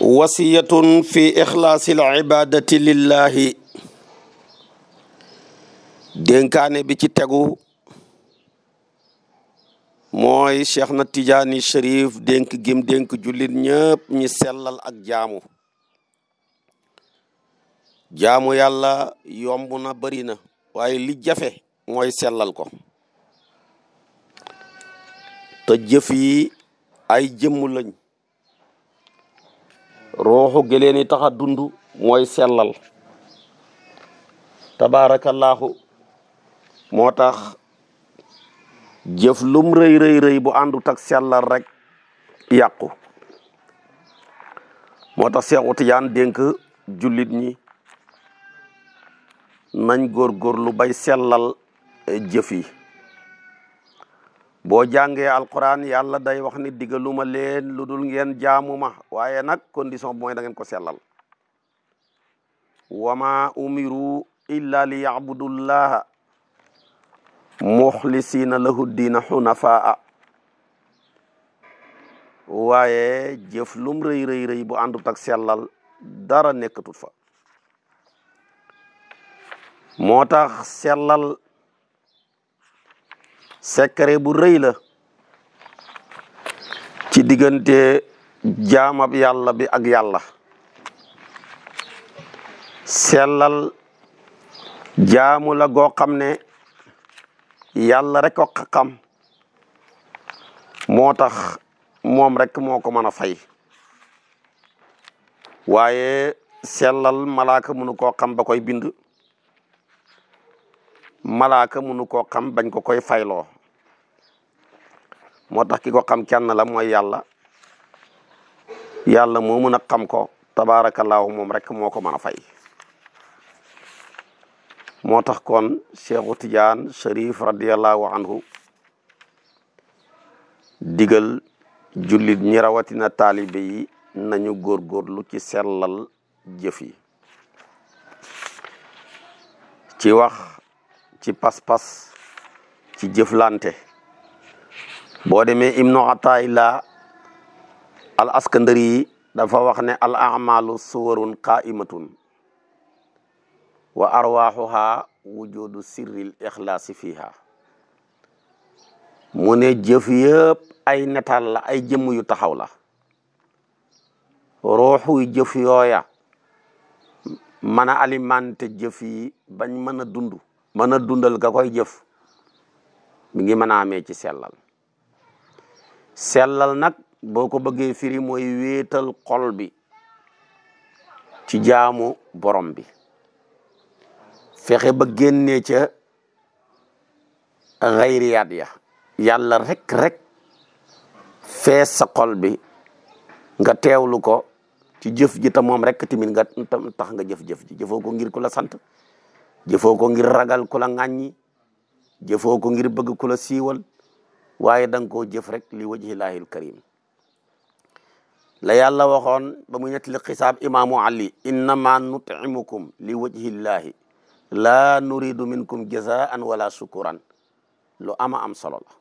wasiyatun fi ixlaasi al ibadati lillahi dénkaane bi ci tegu mooy cheikh na tijaani sharif dénk gim dénk jullit ñëpp ñi sellal ak jaamu jaamu yàlla yomb na bëri na waaye li jafe mooy sellal ko te jëf yi ay jëmm lañ ruuxu gëleen yi tax a dund mooy sellal tabaarakallaahu moo tax jëf lum rëy rëy rëy bu àndut ak sellal rekk yàqu moo tax Seexu Tijaan dénk jullit ñi nañ lu bay sellal jëf yi boo jàngee alquran yàlla day wax ni digaluma leen lu dul ngeen jaamu ma waaye nag condition bi mooy da ngeen ko sellal wama umiru illa li yabudullaha muxlisina lahu diina xunafaa waaye jëf lum rëy rëy rëy bu àndut ak sellal dara nekkatut fa moo tax sellal secret bu rëy la ci diggante jaamab yàlla bi ak yàlla sellal jaamu la goo xam ne yàlla rek ko xam moo tax moom rek moo ko mën a fay waaye sellal malaaka munu koo xam ba koy bind malaaka munu koo xam bañ ko koy fayloo moo tax ki ko xam kenn la mooy yàlla yàlla moo mën a xam ko tabaarakallaahu moom rekk moo ko mën a fay moo tax kon Cheikhu Tidiane Cherif radiallahu anhu digal jullit ñi rawatina taalibe yi nañu góorgóorlu ci sellal jëf yi ci wax ci pas-pas ci jëflante boo demee ibnu la al askandari dafa wax ne al amalu suwarun qaimatun wa arwaxuha wujudu sirril ixlaasi fiha mu ne jëf yëpp ay nataal la ay jëmm yu taxaw la ruuxuy jëf yooya mana a alimenté jëf yi bañ mën a dund dundal ga koy jëf mi ngi mën a amee ci sellal sellal nag boo ko bëggee firi mooy wéetal xol bi ci jaamu borom bi fexe ba génnee ca xayriyaat ya yàlla rek rek fees sa xol bi nga teewlu ko ci jëf ji te moom rek tamit nga tax nga jëf-jëf ji jëfoo ko ngir ku la sant jëfoo ko ngir ragal ku la ŋàññi jëfoo ko ngir bëgg ku la siiwal waaye da ko koo jëf rek li wajhillaahil yàlla waxoon ba mu ñett li xisaab imaamu ali innama nutimukum li wajhillaahi laa nuridu minkum jazaan wala sukuran lu ama am solo la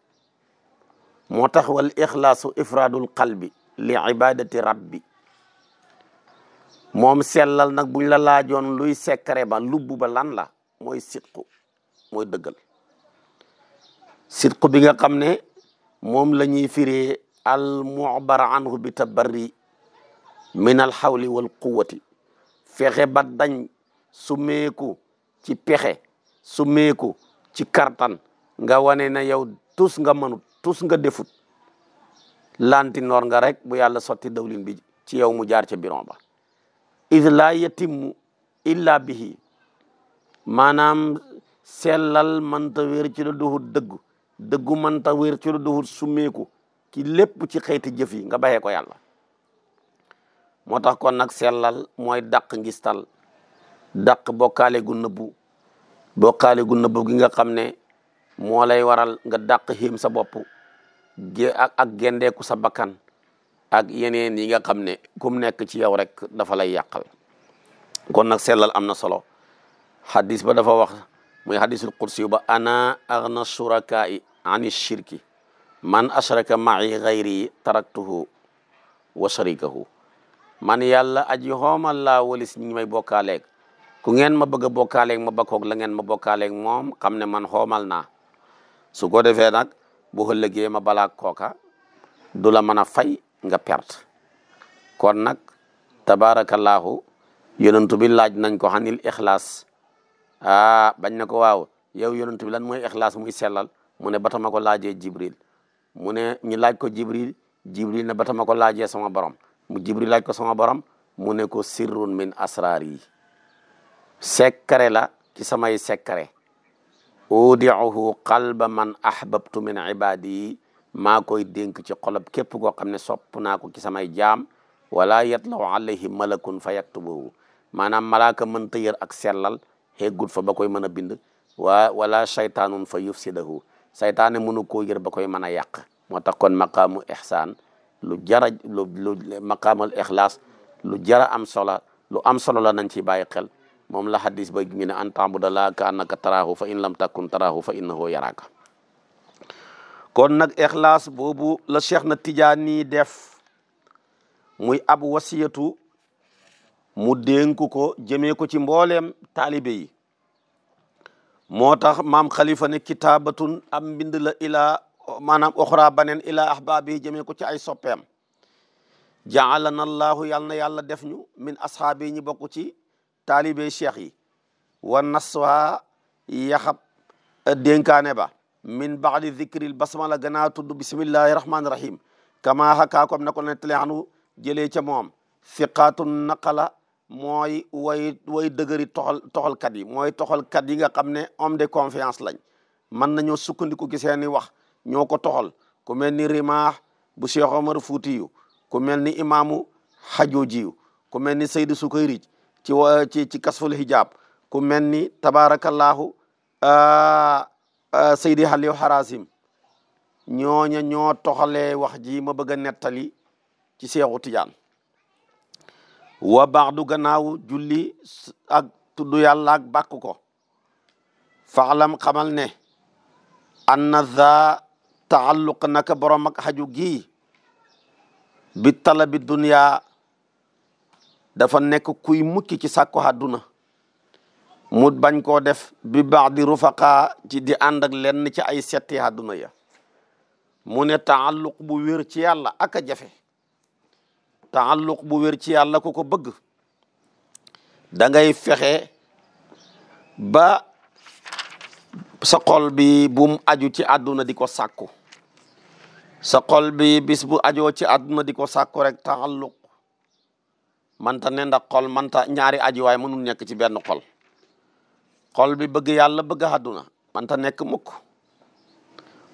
moo tax wal ixlaasu ifraadul qalbi li ibadati rabbi moom sellal nag buñ la laajoon luy sekkare ba lubb ba lan la mooy sidqu mooy dëggal sidq bi nga xam ne moom la ñuy firee al mu'bar anhu bi tabarri min al xawli wal quwati fexe ba dañ su meeku ci pexe su meeku ci kartan nga wane na yow tus nga mënut tus nga defut lanti noor nga rek bu yàlla sotti dawlin bi ci yow mu jaar ca biron ba id laa yatimmu illa bihi maanaam sellal mënta wéer ci la dëggu dëggu mënta wér ci lu duhut summeeku ki lépp ci xeeti jëf yi nga bayee ko yàlla moo tax kon nag sellal mooy dàq ngistal dàq bokkaale gu nëbbu bokkaale gu nëbbu gi nga xam ne moo lay waral nga dàq xiim sa bopp ge ak ak gendeeku sa bakkan ak yeneen yi nga xam ne kum nekk ci yow rek dafa lay yàqal kon nag sellal am na solo xadis ba dafa wax muy hadisul qudsi yu ba ana aghna shuraka'i ani shirki man ashraka ma'i ghayri taraktuhu wa sharikahu man yàlla aji xoomal laa walis ñi may bokkaaleeg ku ngeen ma bëgg a ma bakkoog la ngeen ma bokkaaleeg moom xam ne man xoomal naa su ko defee nag bu ëllëgee ma balaa kooka du la mën a fay nga pert kon nag tabaarakallaahu yonentu bi laaj nañ ko xanil ixlaas ah bañ na ko waaw yow yonent bi lan mooy ixlaas muy sellal mu ne ba ma ko laajee jibril mu ne ñu laaj ko jibril jibril ne ba ma ko laaje sama borom mu jibril laaj ko sama borom mu ne ko sirrun min asrar yi sekkare la ci samay sekkare udiuhu qalba man ahbabtu min ibadi maa koy dénk ci xolob képp koo xam ne sopp naa ko ci samay jaam wala yatlaw alayhi malakun fa yaktubuhu maanaam malaaka mënta yër ak sellal xeggul fa ba koy mën a bind waa wala shaytaanun fa yufsidahu saytaane mënu koo yër ba koy mën a yàq moo tax kon maqaamu ihsaan lu jara lu lu maqaamal lu jara am solo lu am solo la nañ ci bàyyi xel moom la hadis ba mi ne an taabuda laa ka taraahu fa in lam takun taraahu fa innahu yaraaka kon nag ixlaas boobu la cheikh na tijaani def muy ab wasiyatu mu dénk ko jëmee ko ci mbooleem taalibe yi moo tax maam xalifa ne kitaabatun am mbind la ilaa maanaam oxra baneen ahbaabi jëmee ko ci ay soppeem jaalana allahu yàl na yàlla def ñu min ashaabi ñi bokk ci taalibe cheikh yi wa naswa yaxab dénkaane ba min baadi zikril basmala gannaa tudd bismillahi rahmaani rahim kama hakaa kom na ko nettali anu jëlee ca moom mooy way way dëgëri toxal toxalkat yi mooy toxalkat yi nga xam ne homme de confiance lañ mën nañoo sukkandiku ci seeni wax ñoo ko toxal ku mel ni Rimaax bu Cheikh Omar Fuutiyu ku mel ni imaamu Hajoojiyu ku mel ni Seydou Sukayrij ci wa ci ci kasful hijab ku mel ni tabaarakallaahu Seydi Haliw Harasim ñooña ñoo toxalee wax ji ma bëgg a nettali ci Seexu Tijaan wa baadu gannaaw julli ak tudd yàlla ak bàkk ko faalam xamal ne anna za taalluq naka borom ak xaju gi bi talabi dunya dafa nekk kuy mukki ci sàkko àdduna mu bañ koo def bi baax di rufaka ji di ànd ak lenn ci ay setti àdduna ya mu ne taalluq bu wér ci yàlla ak a jafe taalluq bu wér ci yàlla ko ko bëgg da ngay fexe ba sa xol bi bum aju ci àdduna di ko sàkku sa xol bi bis bu ajoo ci àdduna di ko sàkku rek taalluq manta ne ndax xol manta ñaari aji waaye mënul nekk ci benn xol xol bi bëgg yàlla bëgg àdduna manta nekk mukk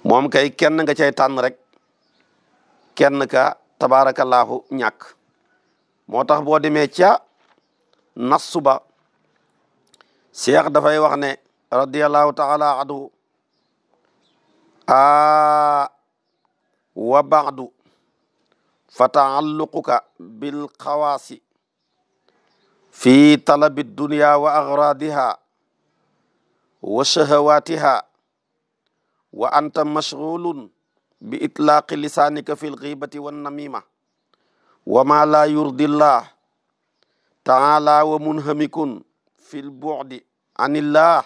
moom kay kenn nga cay tànn rek kenn ka tabaarakallaahu ñàkk moo tax boo demee ca nassu ba cheikh dafay wax ne radiallahu taala anhu a ah, wa baadu fa taalluquka bilxawaasi fi talabi dunia wa agradiha wa shahawaatiha wa anta mashgulun bi itlaaqi lisaanika fi lgibati wannamima wa ma laa yurdi llah taala wa munhamikun fi lbucdi an illah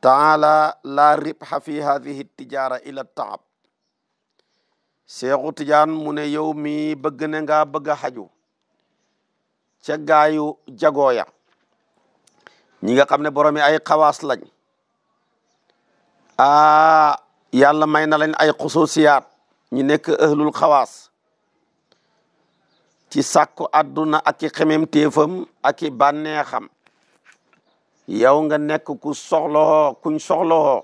taala laa ribha fi hadihi tijaara ila taab seexu tijaan mune ne yow mi bëgg nga bëgg a xaju ca gaayu jagooya ñi nga xam ne boromi ay xawaas lañ aa yàlla may na leen ay xusuusiyaat ñu nekk ahlul xawaas ci sàkku àdduna ak i xememtéefam ak i bànneexam yow nga nekk ku soxloo kuñ soxloo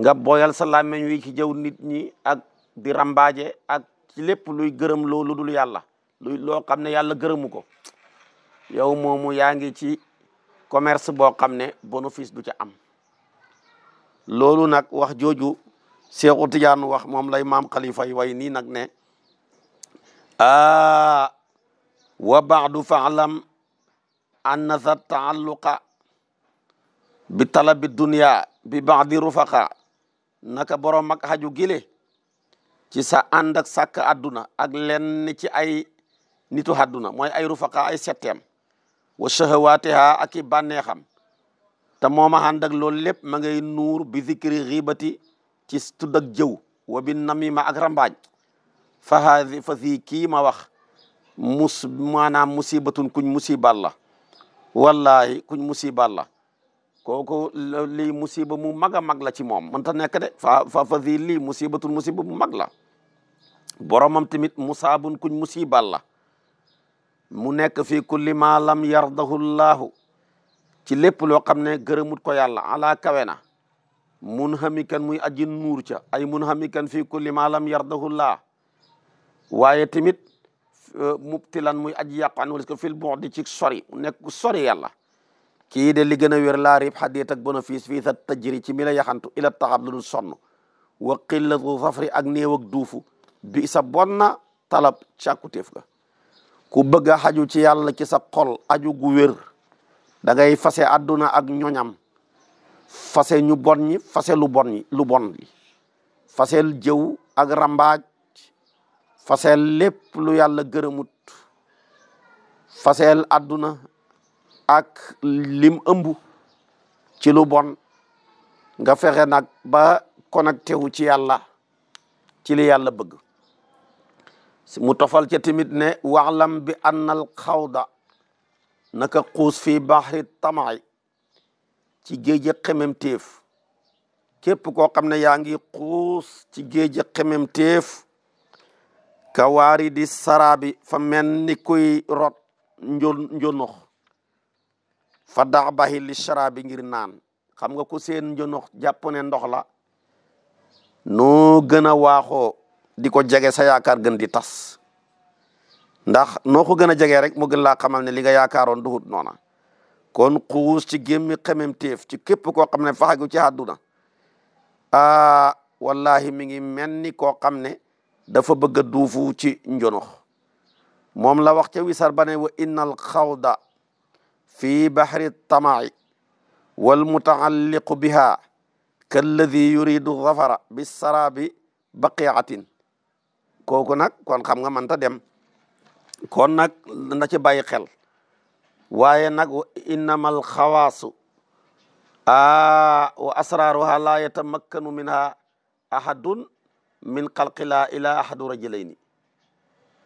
nga boyal sa làmmiñ wi ci jëw nit ñi ak di rambaaje ak ci lépp luy gërëm loo lu dul yàlla luy loo xam ne yàlla gërëmu ko yow moomu yaa ngi ci commerce boo xam ne bénéfice du ci am loolu nag wax Seexu Tijaan wax moom lay maam Khalifa yi way nii nag ne a ah, wa baadu faalam anna sa taalluqa bi talabi dunia bi baadi rufaqa naka boro ak xaju gile ci sa ànd ak sàkk àdduna ak lenn ci ay nitu adduna mooy ay rufaqa ay setteem wa shahawaatiha ak i bànneexam te mooma ànd ak loolu lépp ma ngay bi zikri xiibati ci tudd ak jëw wa bi namima ak rambaaj fa haadi fa fii kii ma wax mus maanaam musibatun kuñ musibal la wallahi kuñ musibal la kooku lii musiba mu mag a mag la ci moom mënta nekk de fa fa fa fii lii musibatun musiba mu mag la boromam tamit musaabun kuñ musibal la mu nekk fii kulli ma lam yardahu llaahu ci lépp loo xam ne gërëmut ko yàlla ala kawe na munhamikan muy aji nuur ca ay munhamikan fii kulli ma lam yardahullaa waaye tamit euh, mubtilan muy aji yàqu an walis ko fil bu'd di ci sori nekk sori yàlla kii de li gën a wér laa rib xadiit ak bénéfice fii sa tajri ci mi la yaxantu ila taxab lu dul sonn wa qillatu safri ak néew ak duufu bi sa bon na talab càkkutéef ku bëgg a ci yàlla ci sa xol aju gu wér da fase àdduna ak ñoñam fase ñu bon ñi fase lu bon ñi lu bon li fasel jëw ak rambaaj fasel lépp lu yàlla gërëmut fasel àdduna ak lim ëmb ci lu bon nga fexe nag ba connecté wu ci yàlla ci li yàlla bëgg mu tofal ca tamit ne waxlam bi annal xawda naka kuus fi baxri tamaay ci géej xemem téef képp koo xam ne yaa ngi xuus ci géej xemem téef ka waari di saraabi fa mel ni kuy rot njon njonox fa dax baxi li saraabi ngir naan xam nga ku seen njonox jàpp ne ndox la noo gën a waaxoo di ko jege sa yaakaar gën di tas ndax noo ko gën a jegee rek mu gën laa xamal ne li nga yaakaaroon duhut noona kon xuus ci gémmi xememteef ci képp koo xam ne faxagu ci àdduna aa wallahi mi ngi mel ni koo xam ne dafa bëgg a duufu ci njonox moom la wax ca wisar ba ne wa inna al xawda fi baxri tamaai wal mutaalliqu biha kalladi yuridu zafara bi saraabi baqiatin kooku nag kon xam nga mënta dem kon nag na ci bàyyi xel waaye nag wa innamal xawaasu a wa asraaruha laa yatamakkanu minha ahadun min xalqila ila ahadu rajulayni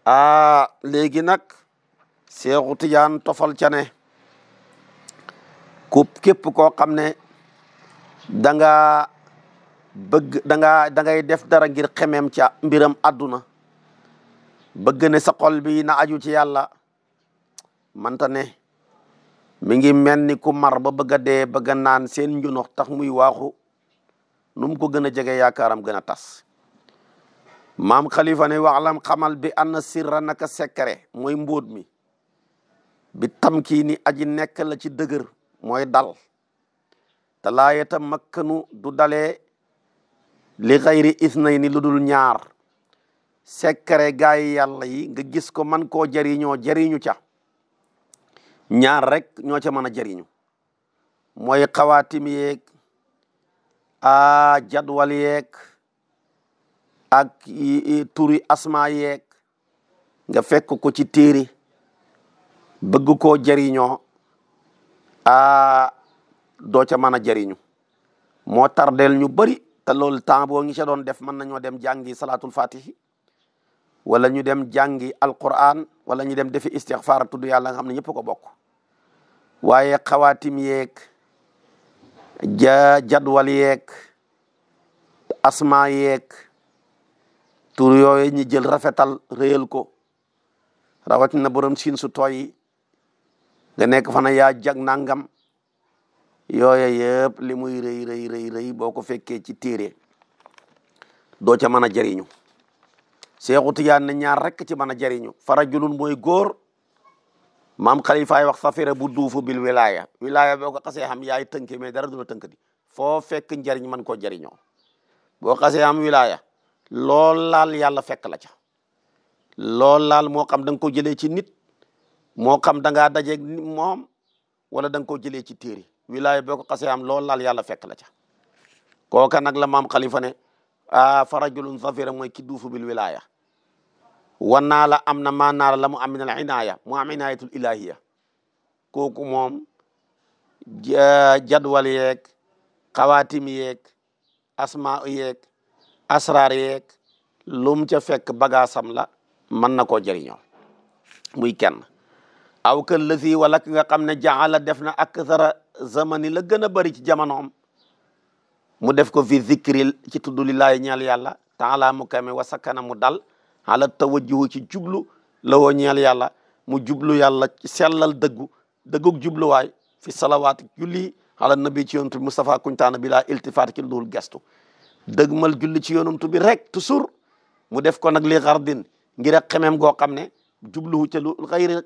a léegi nag Seexu Tijaan tofal cane ne ku képp koo xam ne da nga bëgg da nga def dara ngir xemem ca mbiram àdduna bëgg ne sa xol bi na aju ci yàlla manta ne mi ngi mel ni ku mar ba bëgg a dee bëgg naan seen njunox tax muy waaxu nu mu ko gën a jege yaakaaram gën a tas mam xalifa ne waxlam xamal bi anna sirra naka secret mooy mbóot mi bi tam kii ni aji nekk la ci dëgër mooy dal te laayeta makkanu du dalee li xayri isnay ni lu dul ñaar secret gaay yàlla yi nga gis ko man koo jariñoo jariñu ca ñaar rekk ñoo ca mën a jëriñu mooy xawaatim yeeg a jadwal yeeg ak turi asma yeeg nga fekk ko ci téere bëgg koo jëriñoo a doo ca mën a jëriñu moo tardeel ñu bëri te loolu temps boo ngi ca doon def mën nañoo dem jàngi salaatul fatihi wala ñu dem jàngi alquran wala ñu dem defi istixfaar tudd yàlla nga xam ne ñëpp ko bokk waaye xawaatim yeek ja jadwal yeeg asma yeek tur yooyu ñi jël rafetal réyal ko rawatina borom siin su tooy yi nga nekk fana yaa jag nangam yooye yëpp li muy rëy rëy rëy rëy boo ko fekkee ci téere doo ca mën a jëriñu seexu tiyaan ne ñaar rek ci mën a jëriñu farajulun moy góor maam xalifaay wax safira bu duufu bil wilaya wilaya boo ko xasee xam yaay tënke mais dara du la tënk di foo fekk njariñ man koo jariñoo boo xasee am wilaya lool laal yàlla fekk la ca lool laal moo xam da nga ko jëlee ci nit moo xam da ngaa dajeeg moom wala dang nga ko jëlee ci téere wilaya boo ko xasee am lool laal yàlla fekk la ca kooka nag la maam xalifa ne a farajulun safira mooy ki duufu bil wilaya wan naa la am na maa naa la la mu am min al inaaya mu am inaayatul ilahiya kooku moom jadwal yeeg xawaatim yeeg asma yeeg asraar yeeg lum ca fekk bagaasam la mën na koo jëriñoo muy kenn aw kal lasi wala ki nga xam ne jaala def na akthara zamani la gën a bëri ci jamonoom mu def ko fi zikril ci tudd li laay ñal yàlla taala mu kame wa sakana mu dal ala tawajjuhu ci jublu la woo ñeel yàlla mu jublu yàlla ci sellal dëggu dëggug jubluwaay fi salawaat julli ala nabi ci yonent bi Moustapha kuntaana bi laa iltifaat ki luul gestu dëggmal julli ci yonent bi rek toujours mu def ko nag li xardin ngir ak xemem goo xam ne jubluwu ca lu xayri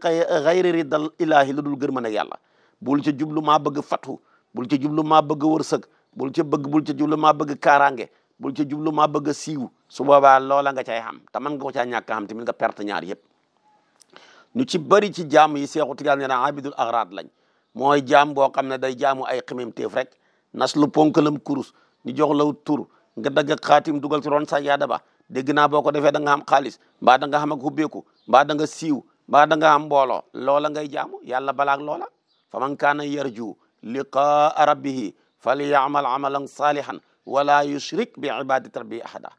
xayri ridal ilaahi lu dul gërëm ak yàlla bul ci jublu maa bëgg fatu bul ci jublu maa bëgg wërsëg bul ca bëgg bul ca jublu maa bëgg kaaraange bul ci jublu maa bëgg a siiw su boobaa loola nga cay xam te mën nga ko caa ñàkk xam tamit nga perte ñaar yëpp ñu ci bëri ci jaam yi seexu tigaan nee na abidul agrad lañ mooy jaam boo xam ne day jaamu ay ximem téef rek nas lu ponkalam kurus ñu jox law tur nga dagg ak xaatim dugal ci roon sa yaada ba dégg naa boo ko defee da nga am xaalis mbaa da nga xam ak hubbeeku mbaa da nga siiw mbaa da nga am mbooloo loola ngay jaamu yàlla balaak loola fa man kaana yarju liqaa rabbihi fali yaamal amalan wala yushrik bi ibadati rabbi ahada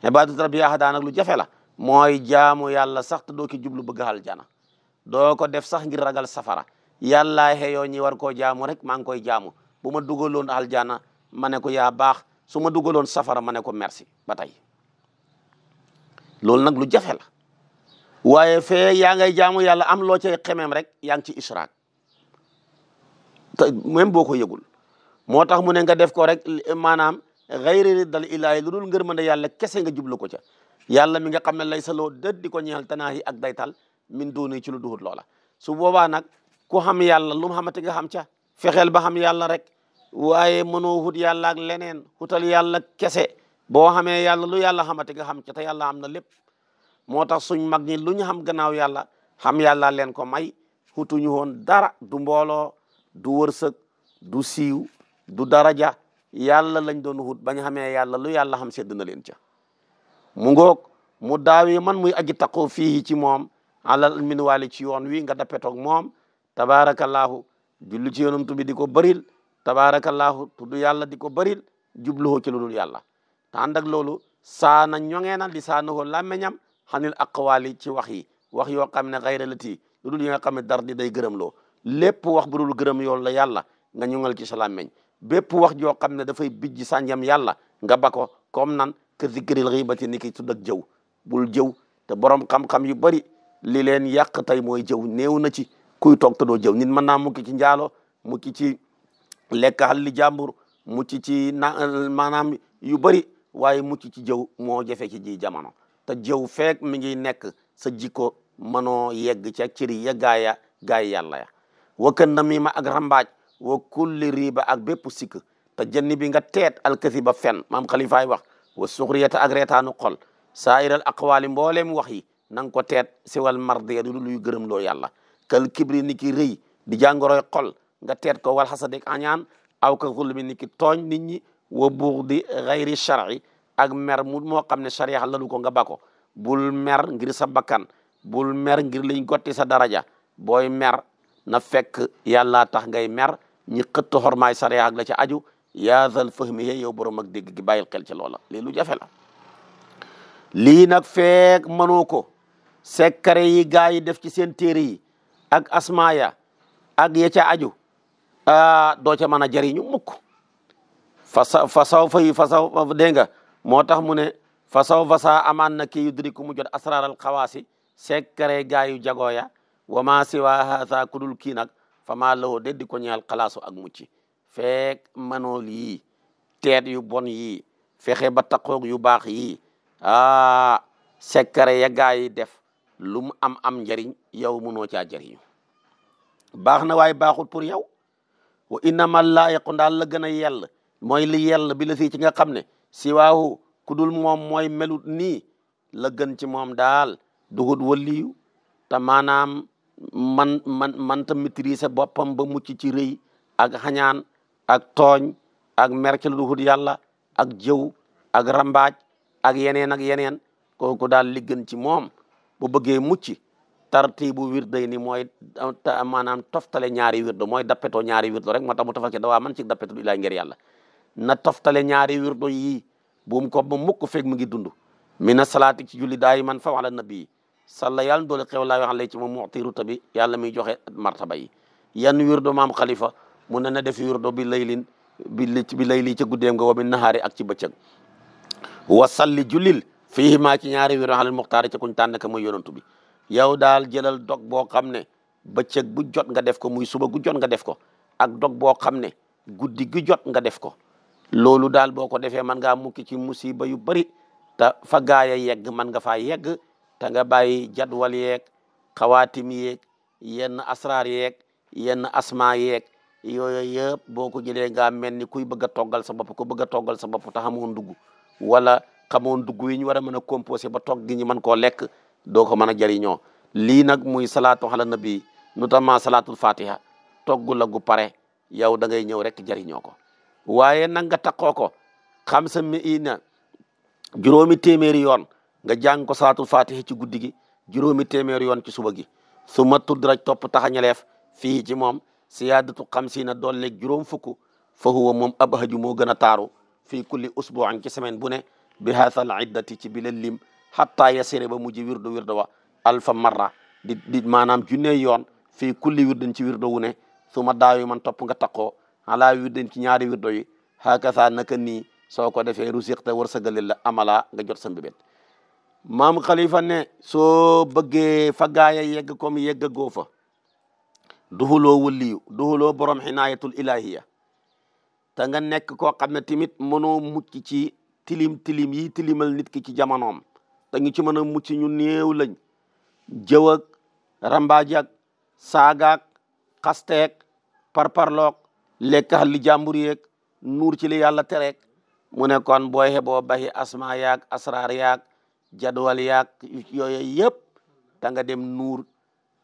ibadati rabbi ahada nag lu jafe la mooy jaamu yàlla sax doo ki jublu bëgg aljana doo ko def sax ngir ragal safara yàlla xeyoo ñi war koo jaamu rek maa ngi koy jaamu bu ma dugaloon aljana ma ne ko yaa baax su ma dugaloon safara ma ne ko merci ba tey loolu nag lu jafe la waaye fee yaa ngay jaamu yàlla am loo cay xemeem rek yaa ngi ci israak te même boo ko yëgul moo tax mu ne nga def ko rek maanaam xayri riddal ilaahi lu dul ngërmande yàlla kese nga jublu ko ca yàlla mi nga xam ne lay saloo dët di ko ñeel tanaa yi ak daytal min dooni ci lu duhut loola su boobaa nag ku xam yàlla lu mu xamati nga xam ca fexeel ba xam yàlla rek waaye mënoo hut yàlla ak leneen hutal yàlla kese boo xamee yàlla lu yàlla xamati nga xam ca te yàlla am na lépp moo tax suñ mag ñi lu ñu xam gannaaw yàlla xam yàlla leen ko may hutuñu woon dara du mbooloo du wërsëg du siiw du daraja yàlla lañ doon wut bañ xamee yàlla lu yàlla xam sedd na leen ca mu ngook mu daawi man muy aji taqoo fii ci moom alal min waali ci yoon wi nga dappetoog moom tabaarakallaahu julli ci yonent bi di ko bëril tabaarakallaahu tudd yàlla di ko bëril jubluhoo ci lu dul yàlla te ànd ak loolu saa na ñoŋee na li saanahu làmmeñam xanil aqwaali ci wax yi wax yoo xam ne xayra lati lu dul yi nga xam ne dar di day gërëm loo lépp wax bu dul gërëm yoon la yàlla nga ñoŋal ci sa làmmeñ bépp wax joo xam ne dafay bijj sànjam yàlla nga bako ko comme nan ke zikril xiibati ni ki tudd ak jëw bul jëw te borom xam-xam yu bari li leen yàq tey mooy jëw néew na ci kuy toog doo jëw nit mën naa mukki ci njaalo mukki ci lekk xal li jàmbur mucc ci na maanaam yu bari waaye mucc ci jëw moo jafe ci ji jamono te jëw feek mi ngi nekk sa jikko mënoo yegg ca ciri ya gaaya gaay yàlla ya wakkan na mii ma ak rambaaj wa kulli riba ak bépp sikk te jënni bi nga teet alkasi ba fen maam xalifaay wax wa suxriyata ak reetaanu xol saayiral aqwaali mbooleem wax yi na ko teet siwal mardiya du luy gërëm loo yàlla kal kibri ni ki rëy di jàngoroy xol nga teet ko wal xasadeg añaan aw ka xulmi ni tooñ nit ñi wa buux di shar'i ak mer mu moo xam ne sharia lalu ko nga ba ko mer ngir sa bakkan bul mer ngir liñ gotti sa daraja booy mer na fekk yàlla tax ngay mer ñi xëtt sariya ak la ca aju yaazal fahmi he yow borom ak dégg gi bàyyil xel ci loola lii lu jafe la nag feek mënoo ko yi gaa yi def ci seen téere yi ak asmaaya ak ya ca aju doo ca mën a jëriñu mukk fa sa fa saw moo tax mu ne fa saw fa amaan na kii yu diriku mu jot asraaral xawaasi sekkare gaa yu wa maa siwa haasa kudul kii nag fama lawoo de di ko ñaal xalaasu ak mucc feek manool yii teet yu bon yii fexe ba taqoog yu baax yii aa sekkare ya gaa yi def lu mu am am njariñ yow munoo caa jariñu baax na waaye baaxul pour yow wa innama laayiqu ndaal la gën a yell mooy li yell bi la fii ci nga xam ne siwaahu ku dul moom mooy melut nii la gën ci moom daal dugut waliyu te maanaam man man manta maîtriser boppam ba mucc ci rëy ak xañaan ak tooñ ak merke lu dul yàlla ak jëw ak rambaaj ak yeneen ak yeneen kooku daal li gën ci moom bu bëggee mucc tartibu wirday ni mooy maanaam toftale ñaari wirdo mooy dappetoo ñaari wirdo rek moo tax mu tafal ci dawaa man ci dappetu ilaa ngir yàlla na toftale ñaari wirdo yi buum ko ba mukk fek mu ngi dund mina salaati ci julli daayi man fa wala nabi salla yàlla na doole xew laa wax ci moom muti ruta bi yàlla muy joxe martaba yi yan wirdo maam xalifa mu ne na def wirdo bi laylin bi bi layli ca guddeem nga wa bi nahaari ak ci bëccëg wa salli julil fii maa ci ñaari wirdo xalil muxtaari ca kuñ tànn ka yonantu bi yow daal jëlal dog boo xam ne bëccëg bu jot nga def ko muy suba bu jot nga def ko ak dog boo xam ne guddi gu jot nga def ko loolu daal boo ko defee man ngaa mukki ci musiba yu bëri te fa gaaya yegg mën nga faa yegg te nga bàyyi jadwal yeeg xawaatim yeeg yenn asraar yeeg yenn asma yeeg yooyu yëpp boo ko jëlee ngaa mel ni kuy bëgg a toggal sa bopp ku bëgg a toggal sa bopp te xamoon dugg wala xamoon dugg yi ñu war a mën a composé ba togg gi ñu mën koo lekk doo ko mën a jëriñoo lii nag muy salaatu ala nabi ma salaatul fatiha togg la gu pare yow da ngay ñëw rek jariñoo ko waaye nag nga takkoo ko xam sa mi ina juróomi téeméeri yoon nga jàng ko saatu fatihi ci guddi gi juróomi téeméer yoon ci suba gi su ma tudraj topp taxañaleef fii ci moom siyaadatu xamsiina dolleeg juróom fukk fa huwa moom abhaju moo gën a taaru fii kulli usbuan ci semaine bu ne bi haasal iddati ci bi la lim xatta ba mujj wirdu wirdo wa alfa marra di di maanaam junney yoon fii kulli wirdin ci wirdo wu ne su ma daayu man topp nga taqoo alaa wirdin ci ñaari wirdo yi haakasa naka nii soo ko defee war wërsëgalil la amala nga jot sa mbibét maam Khalifa soo bëggee fa gaaya yegg comme yegg goo fa duxuloo wulliyu duxuloo borom xinaayatul ilahiya te nekk koo xam ne tamit mënoo mucc ci tilim tilim yi tilimal nit ki ci jamonoom te ñu ci mën a mucc ñu néew lañ jëw ak rambaaj ak saagaak xasteek parparloog lekkax li jàmbur yeeg nuur ci li yàlla tereeg mu nekkoon kon booy xeboo baxi asma yaag asraar yaag jadwal yaag yooyu yëpp da nga dem nuur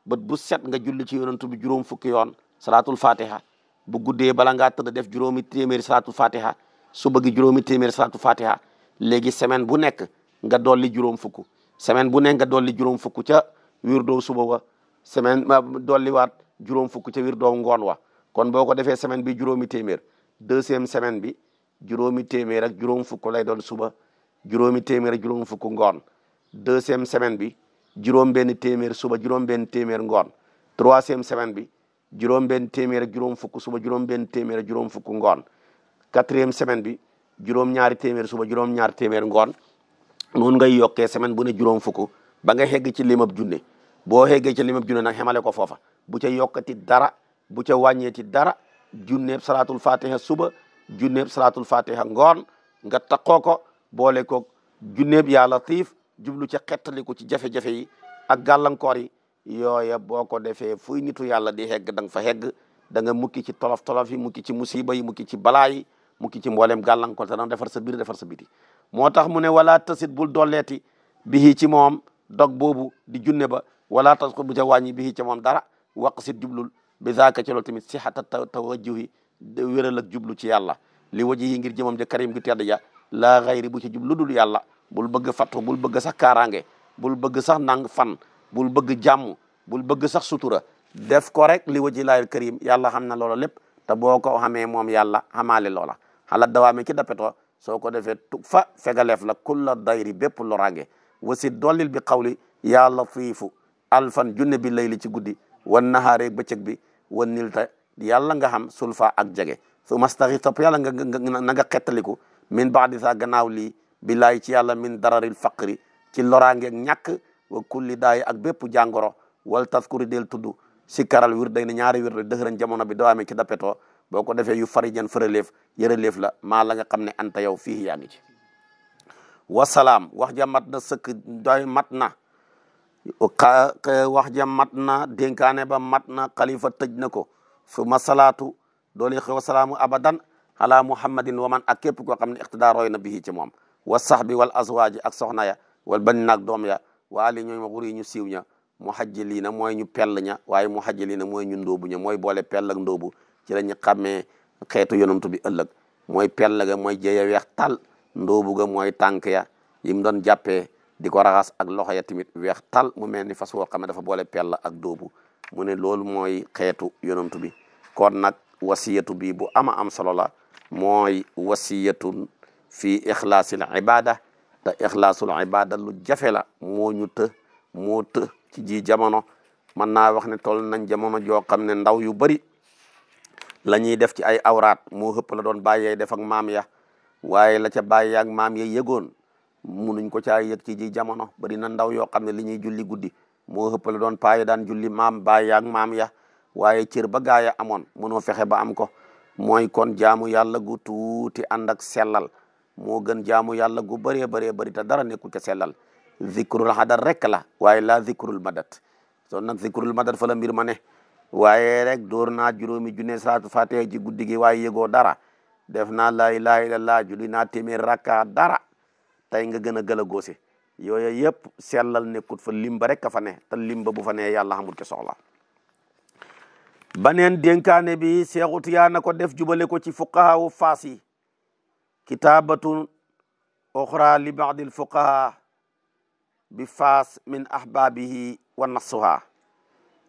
bët bu set nga julli ci yonentu bi juróom fukki yoon salaatul fatiha bu guddee bala ngaa tëdd def juróomi téeméeri salaatul fatiha su bëgg juróomi téeméeri salaatul fatiha léegi semaine bu nekk nga dolli juróom fukk semaine bu nekk nga dolli juróom fukk ca wirdo suba wa semaine dolli waat juróom fukk ca wirdo ngoon wa kon boo ko defee semaine bi juróomi téeméer deuxième semaine bi juróomi téeméer ak juróom fukk lay doon suba juróomi téeméer ak juróom fukk ngoon deuxième semaine bi juróom benn téeméer suba juróom benn téeméer ngoon troisième semaine bi juróom benn téeméer ak juróom fukk suba juróom benn juróom fukk ngoon quatrième semaine bi juróom ñaari téeméer suba juróom ñaari téeméer ngoon noonu ngay yokkee semaine bu ne juróom fukk ba nga xegg ci limab junne boo xeggee ci limab junne nag xemale ko foofa bu ca yokkati dara bu ca ti dara junneeb salaatul fatiha suba junneeb salaatul fatiha ngoon nga takkoo ko boole koog junneeb yaa latiif jublu ca xettaliku ci jafe-jafe yi ak gàllankoor yi yooya boo ko defee fuy nitu yàlla di hegg da fa hegg da nga mukki ci tolof tolof yi mukki ci musiba yi mukki ci balaa yi mukki ci mbooleem gàllankoor te dana defar sa biir defar sa biti moo tax mu ne wala tasit bul dolleeti bihi ci moom dog boobu di junne ba wala tasqut bu ca wàññi bihi ci moom dara waqsit jublul bi zaaka ci loolu tamit sihata tawajjuhi wéral ak jublu ci yàlla li waji yi ngir jëmam ja karim gi tedd ja laa xayri bu ci jub lu dul yàlla bul bëgg fattu bul bëgg sax kaaraange bul bëgg sax nang fan bul bëgg jàmm bul bëgg sax sutura def ko rek li waji laayil karim yàlla xam na loola lépp te boo ko xamee moom yàlla xamaale loola xala dawaame ci dappetoo soo ko defee tu fa fegaleef la kulla dayri bépp loraange wasi dollil bi xawli yaa latifu alfan junne bi li ci guddi wan nahaaree bëccëg bi wan nil ta yàlla nga xam sulfa ak jege su mastaxi topp yàlla nga na nga xettaliku min baadi sa gannaaw lii billaay ci yàlla min dararil faqri ci loraangeeg ñàkk wa kulli daay ak bépp jàngoro wal taskuri del tudd si karal wir day ne ñaari wir day jamono bi doo amee ci dapetoo boo ko defee yu farijan fëraleef lef la maa la nga xam ne anta yow fii yaa ngi ci wasalaam wax ja mat na sëkk doy mat na wax ja mat na dénkaane ba mat na xalifa tëj na ko su ma salaatu doole xew abadan ala muhammadin wa man ak képp koo xam ne iqtidaa roy na bihi ci moom wa sahbi wal azwaaji ak soxna ya wal bañ naag doom ya waa ali ma xuri ñu siiw ña mu xajji lii na mooy ñu pell ña waaye mu xajji lii na mooy ñu ndóobu ña mooy boole pellak ak ndóobu la ñu xàmmee xeetu yonantu bi ëllëg mooy pell ga mooy jëye weex tal ga mooy tànk ya yi mu doon jàppee di ko ak loxo ya tamit weex tal mu mel ni fas woo xam ne dafa boole pell ak ndóobu mu ne loolu mooy xeetu yonantu bi kon nag wasiyatu bi bo ama am solo la mooy wasiyatun fii ixlaasil ibada te ixlaasul ibada lu jafe la moo ñu të moo të ci ji jamono mën naa wax ne toll nañ jamono joo xam ne ndaw yu bëri la ñuy def ci ay awraat moo xëpp la doon bàyyee def ak maam ya waaye la ca bàyyee ak maam ya yëgoon munuñ ko caa yëg ci ji jamono bëri na ndaw yoo xam ne li julli guddi moo xëpp la doon paaye daan julli maam bàyyee ak maam ya waaye cër ba gaaya amoon mënoo fexe ba am ko mooy kon jaamu yàlla gu tuuti ànd ak sellal moo gën jaamu yàlla gu bëree baree bëri te dara nekkul ta sellal zikrul hadar rek la waaye laa zikrul madat son nag zikrul madat fa la mbir ma ne waaye rek door naa juróomi junne salaatu fatiha ci guddi gi waaye yëgoo dara def naa laa ilaaha illallaah julli naa téeméer rakka dara tey nga gën a gël a góose yooyu yëpp sellal nekkut fa limba rek fa ne te limba bu fa ne yàlla xamul ci soxla baneen dénkaane bi Seexu Tijaan na ko def jubale ko ci fuqahaawu faas yi kitaabatun oxra li baadil fuqahaa bi faas min ahbaabihi wa nassuhaa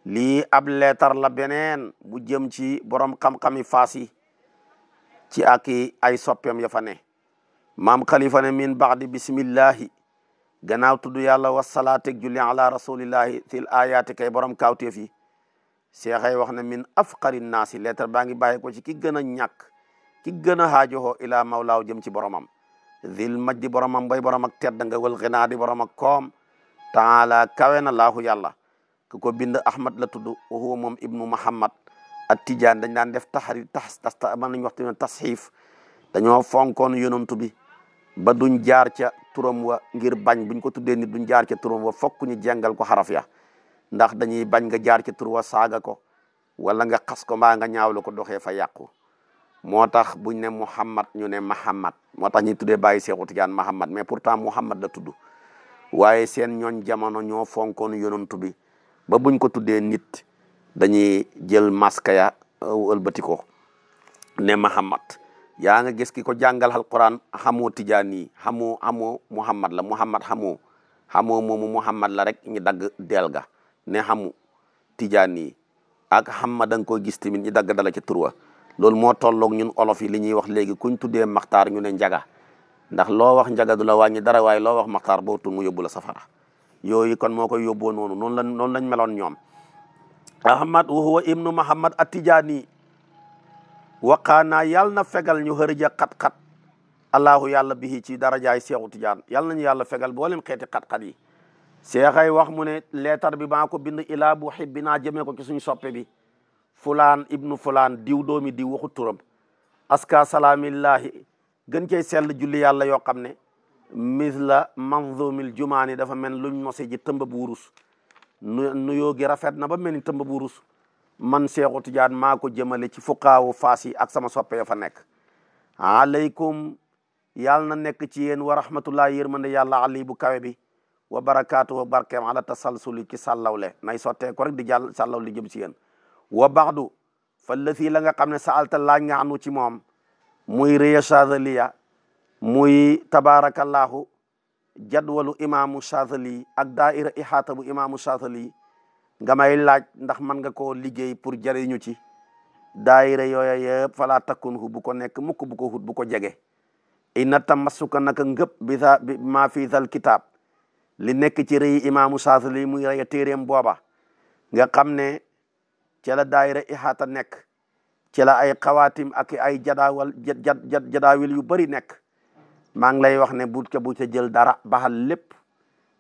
lii ab leetar la beneen bu jëm ci borom xam-xami faas ci ak ay soppeem ya fa ne maam xalifa min baadi bismillahi gannaaw tudd yàlla wasalaateg julli ala rasulillahi til ayaati kay borom kawteef yi seexay wax na min afqari naasi lettre baa ngi bàyyi ko ci ki gën a ñàkk ki gën a xaajowoo ilaa mawlaaw jëm ci boromam zil maj di boromam bay borom ak tedd nga wal xinaa di borom ak koom taala kawe na laahu yàlla ku ko bind ahmad la tudd huwa moom ibnu muhammad at tijaan dañ daan def taxari tax tasta mën nañu waxtu ne tasxiif dañoo fonkoon yonantu ba duñ jaar ca turam wa ngir bañ buñ ko tuddee nit duñ jaar ca turam wa fokk ñu jàngal ko xaraf ya ndax dañuy bañ nga jaar ci tur wa saaga ko wala nga xas ko mbaa nga ñaawlu ko doxee fa yàqu moo tax buñ ne Muhammad ñu ne Mahamad moo tax ñuy tuddee bàyyi Seexu Tijaan Mahamad mais pourtant Muhammad la tudd waaye seen ñooñ jamono ñoo fonkoon yonent bi ba buñ ko tuddee nit dañuy jël masque ya euh, ëlbati ko ne Mahamad yaa nga gis ki ko jàngal alquran xamoo Tijaan yi xamoo amoo Muhammad la Muhammad xamoo xamoo moomu Muhammad la rek ñu dagg del ga ne xamu tijaan yi ak xam ma da nga koy gis tamit ñu dagg dala ca turwa loolu moo tolloog ñun olof yi li ñuy wax léegi kuñ tuddee maxtaar ñu ne njaga ndax loo wax njaga du la wàññi dara waaye loo wax maxtaar boo tun mu yóbbu la safara yooyu kon moo koy yóbboo noonu noonu la noonu lañ meloon ñoom ahmad wa huwa ibnu mahamad attijaani waqaanaa yàlla na fegal ñu xërëja xat-xat allahu yàlla bihi ci darajaay seexu tijaan yàlla nañu yàlla fegal boolem xeeti xat-xat yi seexay wax mu ne leetar bi maa ko bind ilaa bu xibbi naa jëmee ko ci suñ soppe bi fulaan ibnu fulaan diw doomi diw waxu turam aska salaamillaahi gën cey sell julli yàlla yoo xam ne misla manzumil jumaani dafa mel luñ nose ji tëmb bu wurus nu nuyoo rafet na ba mel ni tëmb bu wurus man seexu tijaan maa ko jëmale ci fuqaawu faas yi ak sama soppe ya fa nekk aleykum yàlla na nekk ci yéen wa rahmatullah yërmande yàlla ali bu kawe bi wa barakaatu wa barkeem ala tasalsuli ci sàllawle nay sottee ko rek di jàll sàllaw li jëm si yéen wa baxdu fa lëfii la nga xam ne saalta laaj nga anu ci moom muy réya chazaliya muy tabarakallahu jadwalu imaamu chazali ak daaira ihaata bu imaamu chazali nga may laaj ndax mën nga koo liggéey pour jëriñu ci daayira yooya yëpp falaa takkun hu bu ko nekk mukk bu ko hut bu ko jege inna tamassuka naka ngëp bi ma fi zal kitaab li nekk ci rëy imaamu Saasili muy rëy téeréem booba nga xam ne ci la daayira ihaata nekk ci ay xawaatim ak ay jadaawal jadaawil yu bari nekk maa ngi lay wax ne bu ca bu ca jël dara baxal lépp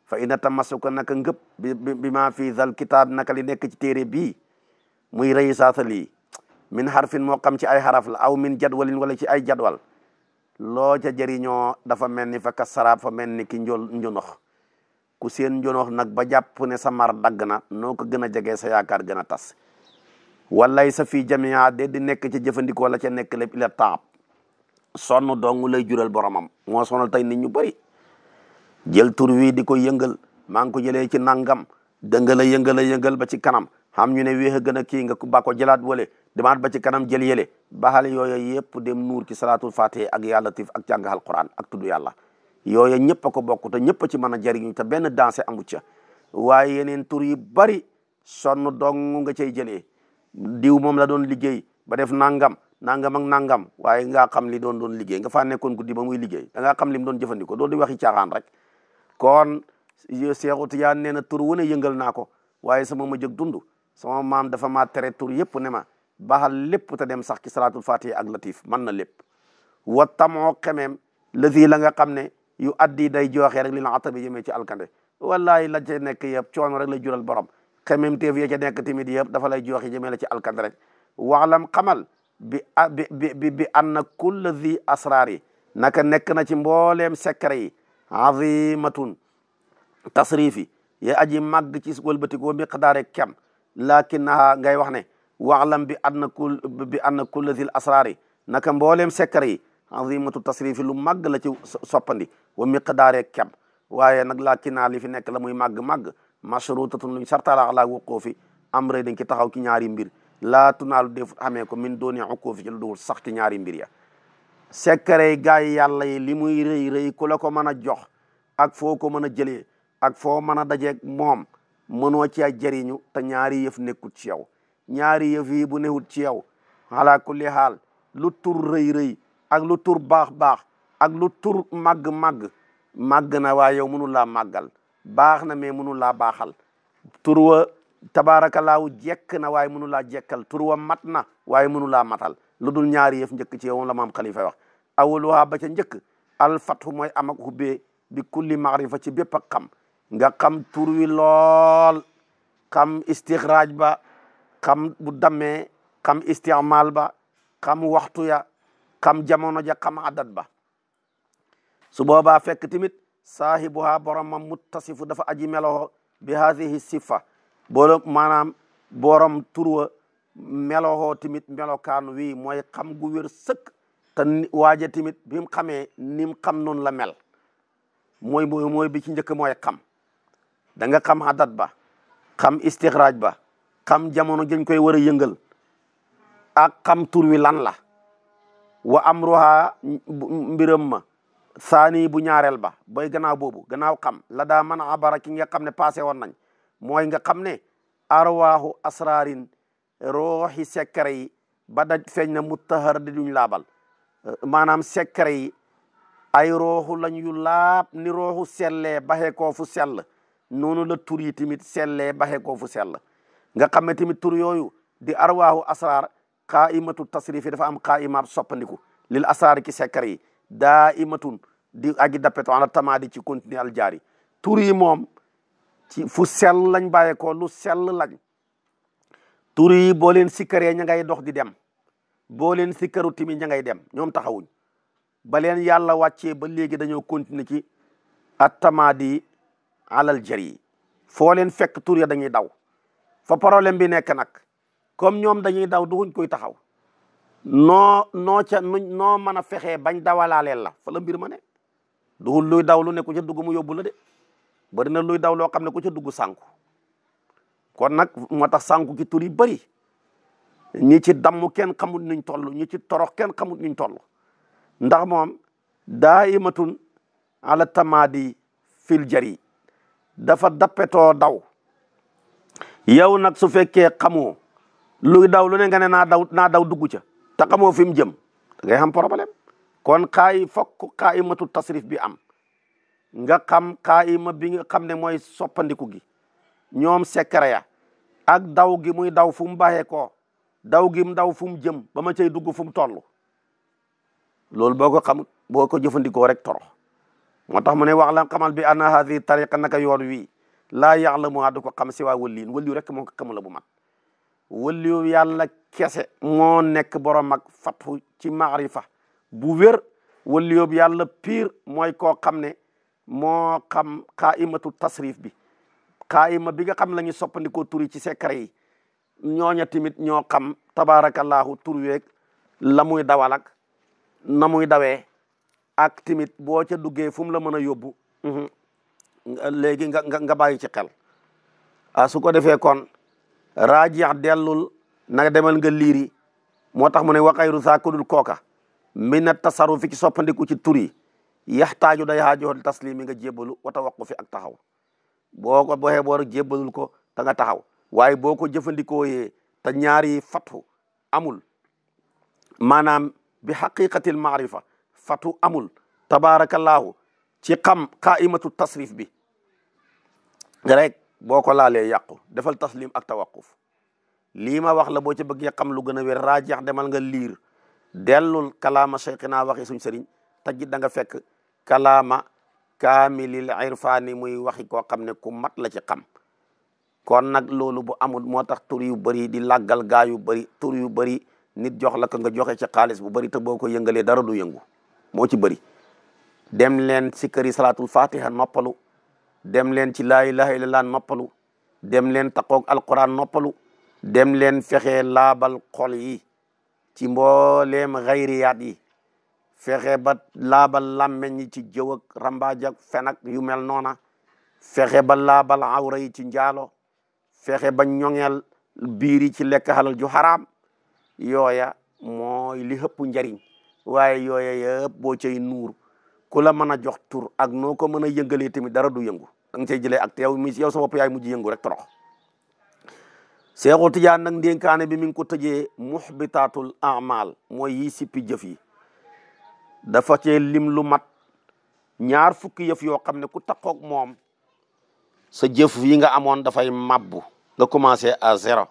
fa ina tamasuka naka ngëp bi ma fi zal kitaab naka li nekk ci téere bii muy rëy Saasili min harfin moo xam ci ay xaraf la aw min jadwalin wala ci ay jadwal loo ca jëriñoo dafa mel ni fa kasaraab fa mel ni ki njol njonox ku seen njonoox nag ba jàpp ne sa mar dagg na noo ko gën a jegee sa yakaar gën a tas walay sa fi jamia de di nekk ca jëfandikoo la ca nekk lépp ila taab sonn dong lay jural boromam moo sonal tey nit ñu bëri jël tur wii di ko yëngal maa ngi ko jëlee ci nangam dëngala yëngala yëngal ba ci kanam xam ñu ne wéex a gën a kii nga ko ba ko jëlaat wale demaat ba ci kanam jël yële baxale yooyu yëpp dem nuur ci salaatul fatiha ak yàlla tif ak jàng alquran ak tudd yàlla yooya ñëpp a ko bokk te ñëpp a ci mën a jariñu te benn dansé amu ca waaye yeneen tur yi bari sonn dong nga cay jëlee diw moom la doon liggéey ba def nangam nangam ak nangam waaye nga xam li doon doon liggéey nga faa nekkoon guddi ba muy liggéey da ngaa xam li mu doon jëfandikoo doo di waxi caaxaan rek kon Seexu Tijaan nee na tur wu ne yëngal naa ko waaye sama ma jëg dund sama maam dafa maa tere tur yëpp ne ma baaxal lépp te dem sax ci salaatul fatiha ak latif man na lépp wa xam ne yu addi day jooxee rek li na atabi jëmee ci alkande wallahi la ca nekk yëpp coono rek la jural borom xemem teef ya ca nekk timit yëpp dafa lay jooxe jëmee la ci alkande rek waxlam xamal bi bi bi bi anna kulla zi asraar yi naka nekk na ci mbooleem secret yi azimatun tasrif yi ya aji màgg ci wëlbatikoo miqdaare kem lakinnaha ngay wax ne waxlam bi anna kul bi anna kulla zil asraar yi naka mbooleem secret yi azimatu tasrifi lu màgg la ci soppandi wa miqdaare kem waaye nag laa ki naa li fi nekk la muy màgg-màgg mashrutatun luñ sartaala ala wuquufi am rey dañ ci taxaw ci ñaari mbir laa tunaalu def xamee ko min dooni uquufi ci lu dugul sax ci ñaari mbir ya sekkarey gaa yi yàlla yi li muy rëy rëy ku la ko mën a jox ak foo ko mën a jëlee ak foo mën a dajeeg moom mënoo ci a jëriñu te ñaari yëf nekkut ci yow ñaari yëf yi bu newut ci yow ala kulli haal lu tur rëy rëy ak lu tur baax baax ak lu tur màgg màgg màgg na waaye yow mënu laa màggal baax na mais mënu laa baaxal tur wa tabaarakalaahu jekk na waaye mënu laa jekkal tur wa mat na waaye mënu laa matal lu dul ñaari yëf njëkk ci yow la maam xalifa wax awaluha ba ca njëkk alfathu mooy am ak hubbee bi kulli maarifa ci bépp ak xam nga kam tur wi lool xam istixraaj ba xam bu dammee xam istimaal ba xam waxtu ya xam jamono ja xam adat ba su boobaa fekk tamit saahibuha boromam muttasifu dafa aji meloo bi haadihi sifa boole maanaam borom turwa meloo tamit melokaan wi mooy xam gu wér sëkk te waaja tamit bi mu xamee ni mu xam noonu la mel mooy mooy bi ci njëkk mooy xam danga nga xam adat ba xam istixraaj ba xam jamono dañ koy war a yëngal a xam tur wi lan la wa amruha mbiram ma saani bu ñaareel ba bay gannaaw boobu gannaaw xam la daa mën a abara ki nga xam ne passé woon nañ mooy nga xam ne arwaahu asraarin rooxi secret yi ba daj feeñ na muttahar di duñ labal eh, maanaam secret yi ay rooxu lañ yu laab ni rooxu sellee baxee koo fu sell noonu la tur yi tamit sellee baxee koo fu sell nga xam ne tamit tur yooyu di arwaahu asraar xaa imatu tasrif yi dafa am xaa imaab soppandiku lil asaari ki sekkar yi daa imatun di agi dappeto ala tamaadi ci continuer al jaari tur yi moom ci fu sell lañ bàyyeekoo lu sell lañ tur yi boo leen sikkaree ña ngay dox di dem boo leen sikkaru timi ña ngay dem ñoom taxawuñ ba leen yàlla wàccee ba léegi dañoo continuer ci at tamaadi alal jari foo leen fekk tur ya dañuy daw fa bi nekk nag comme ñoom dañuy daw duguñ koy taxaw noo noo ca noo mën a fexee bañ dawalaaleel la fa mbir ma ne duhul luy daw lu ne ku ca dugu mu yóbbu la de bari na luy daw loo xam ne ku ca dugg sànku kon nag moo tax sànku ki tur yi bëri ñi ci damm kenn xamut nuñ toll ñi ci torox kenn xamut nuñ toll ndax moom daa'imatun ala tamaadi fil jari dafa dappetoo daw yow nag su fekkee xamoo luy daw lu ne nga ne naa daw naa daw dugg ca te xamoo fi mu jëm da ngay xam problème kon xaayi fokk xaayimatu tasrif bi am nga xam xaayima bi nga xam ne mooy soppandiku gi ñoom secret ya ak daw gi muy daw fu mu baaxee koo daw gi mu daw fu mu jëm ba ma cay dugg fu mu toll loolu boo ko xam boo ko jëfandikoo rek toro moo tax mu ne wax la xamal bi anna hadi tariqa naka yoon wi laa ya'lamu du ko xam si waa waliin waliyu rek moo ko xamula bu mat waliyu yàlla kese moo nekk borom mag fathu ci maarifa bu wér waliyu yàlla pire mooy koo xam ne moo xam xaaimatu tasrif bi xaaima bi nga xam la ñu soppandikoo turi ci secret yi ñooña tamit ñoo xam tabarakallahu tur weeg la muy dawalak na muy dawee ak tamit boo ca duggee fu mu la mën a yóbbu mm-hmm. léegi nga nga nga bàyyi ci xel a ah, su ko defee kon raajeex dellul nag demal nga liiri moo tax mu ne waxayru saa kudul kooka min tasarufi ci soppandiku ci tur yi yaxtaaju day xaajoon taslimi nga jébbalu wa tawaqu fi ak taxaw boo ko boo xeboor jébbalul ko te taxaw waaye boo ko jëfandikoo yee te ñaari fatu amul maanaam bi xaqiqatil maarifa fatu amul tabaarakallaahu ci xam qaimatu tasrif bi boo ko laalee yàqu defal taslim ak tawaquf lii ma wax la boo ci bëggee xam lu gën a wér raajeex demal nga liir dellul kalaama cheikhina waxi suñ sëriñ tajit da nga fekk kalaama kaamilil irfaani muy waxi koo xam ne ku mat la ci xam kon nag loolu bu amut moo tax tur yu bëri di laggal gaa yu bëri tur yu bëri nit jox la ko nga joxe ci xaalis bu bëri te boo ko yëngalee dara du yëngu moo ci bari dem leen si fatiha noppalu dem leen ci laa ilaha illallah noppalu dem leen taqoog alquran noppalu dem leen fexe laabal xol yi ci mbooleem xayriyaat yi fexe ba laabal làmmeñ yi ci jëw ak rambaaj ak fen ak yu mel noona fexe ba laabal awra yi ci njaalo fexe ba ñoŋeel biir yi ci lekk halal ju xaraam yooya mooy li hëpp njariñ waaye yooya yëpp boo cay nuur ku la mën a jox tur ak noo ko mën a yëngalee tamit dara du yëngu da nga cay jëlee ak yow mi yow sa bopp yaay mujj yëngu rek torox Seexu Tijaan nag ndénkaane bi mi ngi ko tëjee muxbitaatul amal mooy yi sippi jëf yi dafa cee lim lu mat ñaar fukki yëf yoo xam ne ku takkoog moom sa jëf yi nga amoon dafay mabbu nga commencé à zéro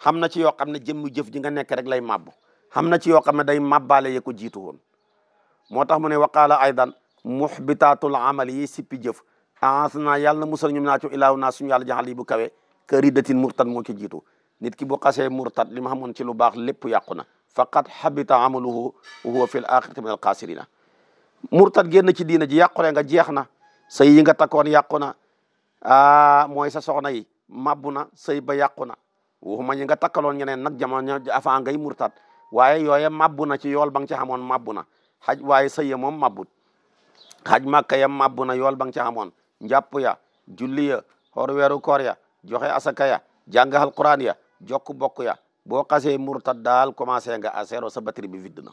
xam na ci yoo xam ne jëmmu jëf ji nga nekk rek lay mabbu xam na ci yoo xam ne day mabbaale ya ko jiitu woon moo tax mu ne waqaala aydan muxbitaatul amali yi sippi jëf aas naa yàlla na musal ñum naa ci ilaaw naa suñu yàlla jaxal yi bu kawe kër yi datin murtad moo ci jiitu nit ki bu xasee murtad li ma xamoon ci lu baax lépp yàqu na faqad habita amaluhu wa huwa fil axirati min al xaasirina murtad génn ci diina ji yàqule nga jeex na sëy yi nga takkoon yàqu na ah mooy sa soxna yi mabbu na sëy ba yàqu na waxuma ñi nga takkaloon ñeneen nag jamono avant ngay murtad waaye yooye mabbu na ci yool ba nga ci xamoon mabbu na xaj waaye sëy ya moom mabbut xaj màkka ya mabbu na yool ba nga ci xamoon njàpp ya julli ya xor weeru koor ya joxe asaka ya jàng alquran ya jokk bokk ya boo xasee murtad daal commencé nga à zéro sa batterie bi vidd na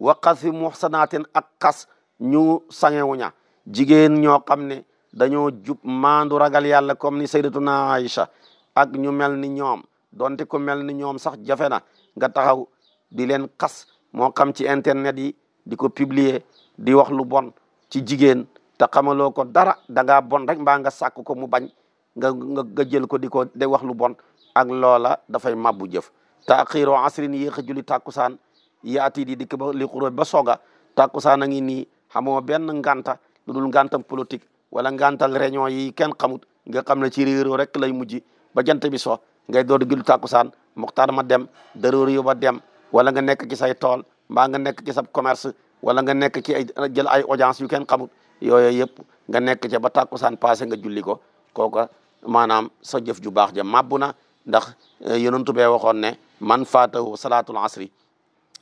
wa xas fi muxsanaatin ak xas ñu sangewuña jigéen ñoo xam ne dañoo jub maandu ragal yàlla comme ni sayyidatuna Aïcha ak ñu mel ni ñoom donte ku mel ni ñoom sax jafe na nga taxaw di leen xas moo xam ci internet yi di ko publier di wax lu bon ci jigéen te loo ko dara da ngaa bon rek mbaa nga sàkk ko mu bañ nga nga jël ko di ko de wax lu bon ak loola dafay mabbu jëf taaxiiru asrin yéex a julli tàkkusaan yaati di dikk ba li xuróot ba soga tàkkusaan a ngi nii xamoo benn nganta lu dul ngantam politique wala ngantal réunion yi kenn xamut nga xam ne ci réeroo rek lay mujj ba jant bi so ngay door julli tàkkusaan muxtaar ma dem daroor yu ba dem wala nga nekk ci say tool mbaa nga nekk ci sa commerce wala nga nekk ci ay jël ay audience yu kenn xamut yooyo yëpp nga nekk ca ba tàkkusaan passé nga julli ko kooka maanaam sa jëf ju baax ja màbbu na ndax eh, yonentu bee waxoon ne man faatahu salaatul asri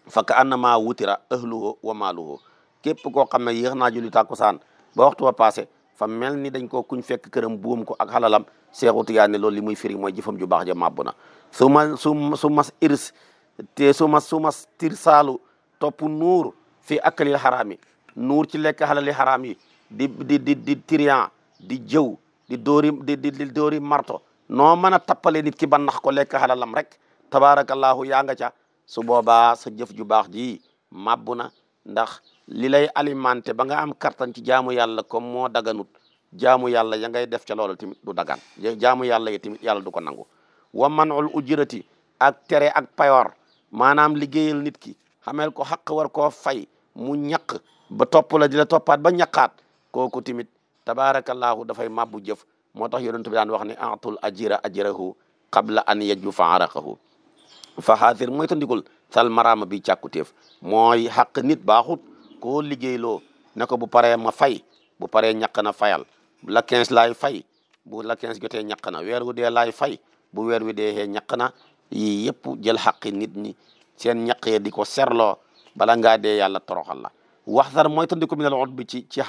fa ka annama wutira ahluhu wa maaluhu képp koo xam ne yéex naa julli tàkkusaan ba waxtu wa passé fa mel ni dañ ko kuñ fekk këram buum ko ak xalalam Seexu Tijaan ne lool li muy firi mooy jëfam ju baax ja màbbu na su ma su su mas irs te su ma su mas tirsaalu topp nuur fii akalil xaraam yi nuur ci lekk xalali xaraam yi di di di di trian di jëw di dóori di di di dóori marto noo mën a tappale nit ki ba nax ko lekk xalalam rek tabaarakallahu yaa nga ca su boobaa sa jëf ju baax ji màbbu na ndax li lay alimenté ba nga am kattan ci jaamu yàlla comme moo daganut jaamu yàlla ya ngay def ca loola tamit du dagan jaamu yàlla yi tamit yàlla du ko nangu wa manul ujrati ak tere ak payoor maanaam liggéeyal nit ki xamel ko xaq war koo fay mu ñaq ba topp la di la toppaat ba ñaqaat kooku tamit tabaarakallaahu dafay mabbu jëf moo tax yonent bi daan wax ne atul ajira ajrahu qabla an yajufa araqahu fa xaasir mooy tandikul sal maraama bi càkkutéef mooy xaq nit baaxut koo liggéeyloo ne ko bu paree ma fay bu paree ñàkk na fayal la 15 lay fay bu la 15 jotee ñàkk na weer wu dee laay fay bu weer wi dee ñàkk na yi yëpp jël xaqi nit ñi seen ñaq yi di ko serloo bala nga de yàlla toroxal la wax dara mooy tandiku minal ut ci ci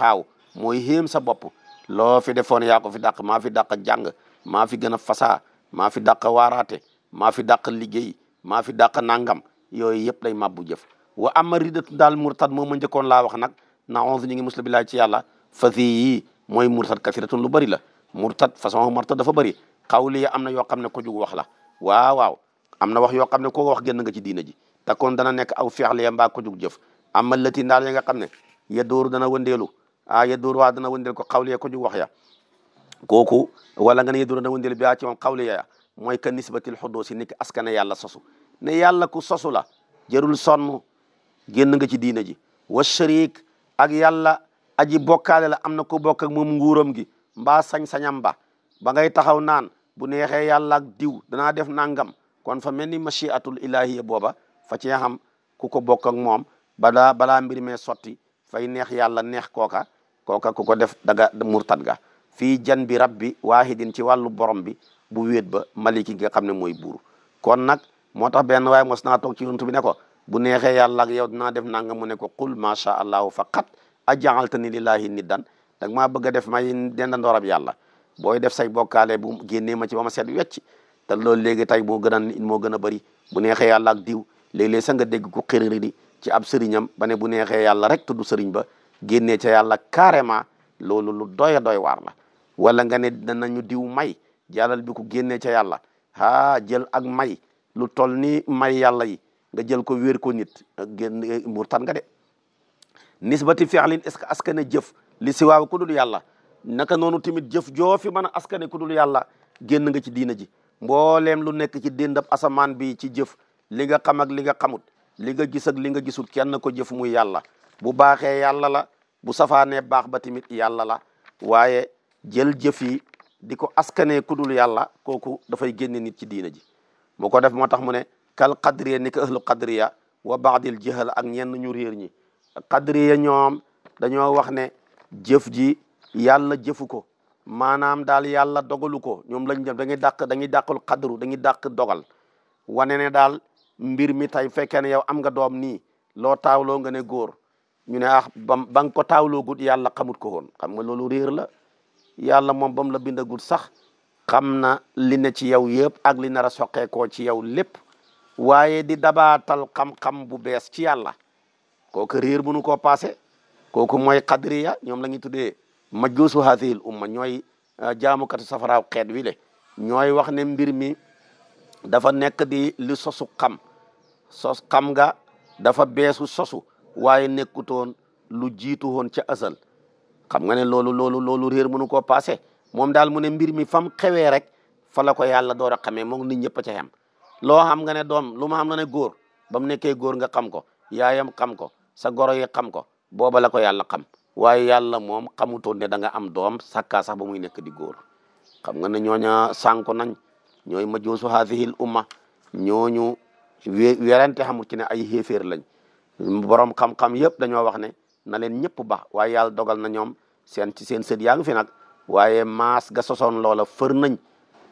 mooy xéem sa bopp loo fi defoon yaa ko fi dàq maa fi dàq jàng maa fi gën a fasaa maa fi dàq waaraate maa fi dàq liggéey maa fi dàq nangam yooyu yëpp lay mabbu jëf wa ama ridatu daal murtad moom ma njëkkoon laa wax nag na onze ñu ngi muslim billaay ci yàlla fasi yi mooy murtad kasiratun lu bëri la murtad façon murtad dafa bëri xawli am na yoo xam ne ko jug wax la waaw waaw am na wax yoo xam ne koo wax génn nga ci diina ji te kon dana nekk aw fi'li mbaa ko jug jëf ama lati ndaal ya nga xam ne ya dóoru dana wëndeelu a yedduur waa dana wëndeel ko xawliya ko ju wax ya kooku wala nga ne yedduur dana wëndeel bi ci moom xawliya ya mooy ka nisbatil xuddoosi ni ki askane yàlla sosu ne yàlla ku sosu la jërul sonn génn nga ci diina ji wa shariik ak yàlla aji bokkaale la am na ko bokk ak moom nguuram gi mbaa sañ-sañam ba ba ngay taxaw naan bu neexee yàlla diw danaa def nangam kon fa mel ni machiatul ilahiya booba fa cee xam ku ko bokkak ak moom balaa balaa mbir mee sotti fay neex yàlla neex kooka kooka ku ko def daga murtad ga fii jan bi rabbi waahidin ci wàllu borom bi bu wéet ba maliki nga xam ne mooy buur kon nag moo tax benn waaye mos naa toog ci yonent bi ne ko bu neexee yàlla ak yow dinaa def nanga mu ne ko qul macha allahu faqat ajaaltani lillahi niddan dag maa bëgg a def may dendandoorab yàlla booy def say bokkaale bu génnee ma ci ba ma seet wecc te loolu léegi tey moo gën a moo gën a bëri bu neexee yàlla ak diw léeg-léeg sa nga dégg ku xiriri di ci ab sëriñam ba ne bu yàlla rek tudd sëriñ ba génnee ca yàlla carrément loolu lu doy doy waar la wala nga ne danañu diw may jàllal bi ku génnee ca yàlla haa jël ak may lu toll ni may yàlla yi nga jël ko wéer ko nit génn murtan nga de nisbati fi'lin est-ce que askane jëf li si waaw ku dul yàlla naka noonu tamit jëf joo fi mën a askane ku dul yàlla génn nga ci diina ji mbooleem lu nekk ci déndab asamaan bi ci jëf li nga xam ak li nga xamut li nga gis ak li nga gisul kenn ko jëf mu yàlla bu baaxee yàlla la bu safaanee baax ba tamit yàlla la waaye jël jëf yi di ko askanee kudul yàlla kooku dafay génne nit ci diina ji mu ko def moo tax mu ne kal qadriya ni ko ahlu qadriya wa baadil jëhal ak ñenn ñu réer ñi qadriya ñoom dañoo wax ne jëf ji yàlla jëfu ko maanaam daal yàlla dogalu ko ñoom lañ dem dañuy dàq dañuy dàqul qadru dañuy dàq dogal wane ne daal mbir mi tey fekkee ne yow am nga doom nii loo taawloo nga ne góor ñu ne ah bam ba ko taawloo gut yàlla xamut ko woon xam nga loolu réer la yàlla moom bam mu la bindagul sax xam na li ne ci yow yëpp ak li nar a soqeekoo ci yow lépp waaye di dabaatal xam-xam bu bees ci yàlla kooku réer bu nu koo paase kooku mooy qadriya ñoom la ma tuddee majuusu haadihil umma ñooy euh, jaamukatu safaraaw xeet wi le ñooy wax ne mbir mi dafa nekk di li sosu xam sos xam ga dafa beesu sosu waaye nekkutoon lu jiitu woon ca asal xam nga ne loolu loolu loolu réer mënu koo passé moom daal mu ne mbir mi fam xewee rek fa la ko yàlla door a xamee moom nit ñëpp a ca yem loo xam nga ne doom lu ma xam na ne góor ba mu nekkee góor nga xam ko yaayam xam ko sa goro yi xam ko booba la ko yàlla xam waaye yàlla moom xamutoon ne da nga am doom sakkaa sax ba muy nekk di góor xam nga ne ñooña sànko nañ ñooy majuusu haadihil umma ñooñu werante xamul ci ne ay xéeféer lañ borom xam-xam yëpp dañoo wax ne na leen ñëpp baax waaye yàlla dogal na ñoom seen ci seen sët fi nag waaye mas ga sosoon loola fër nañ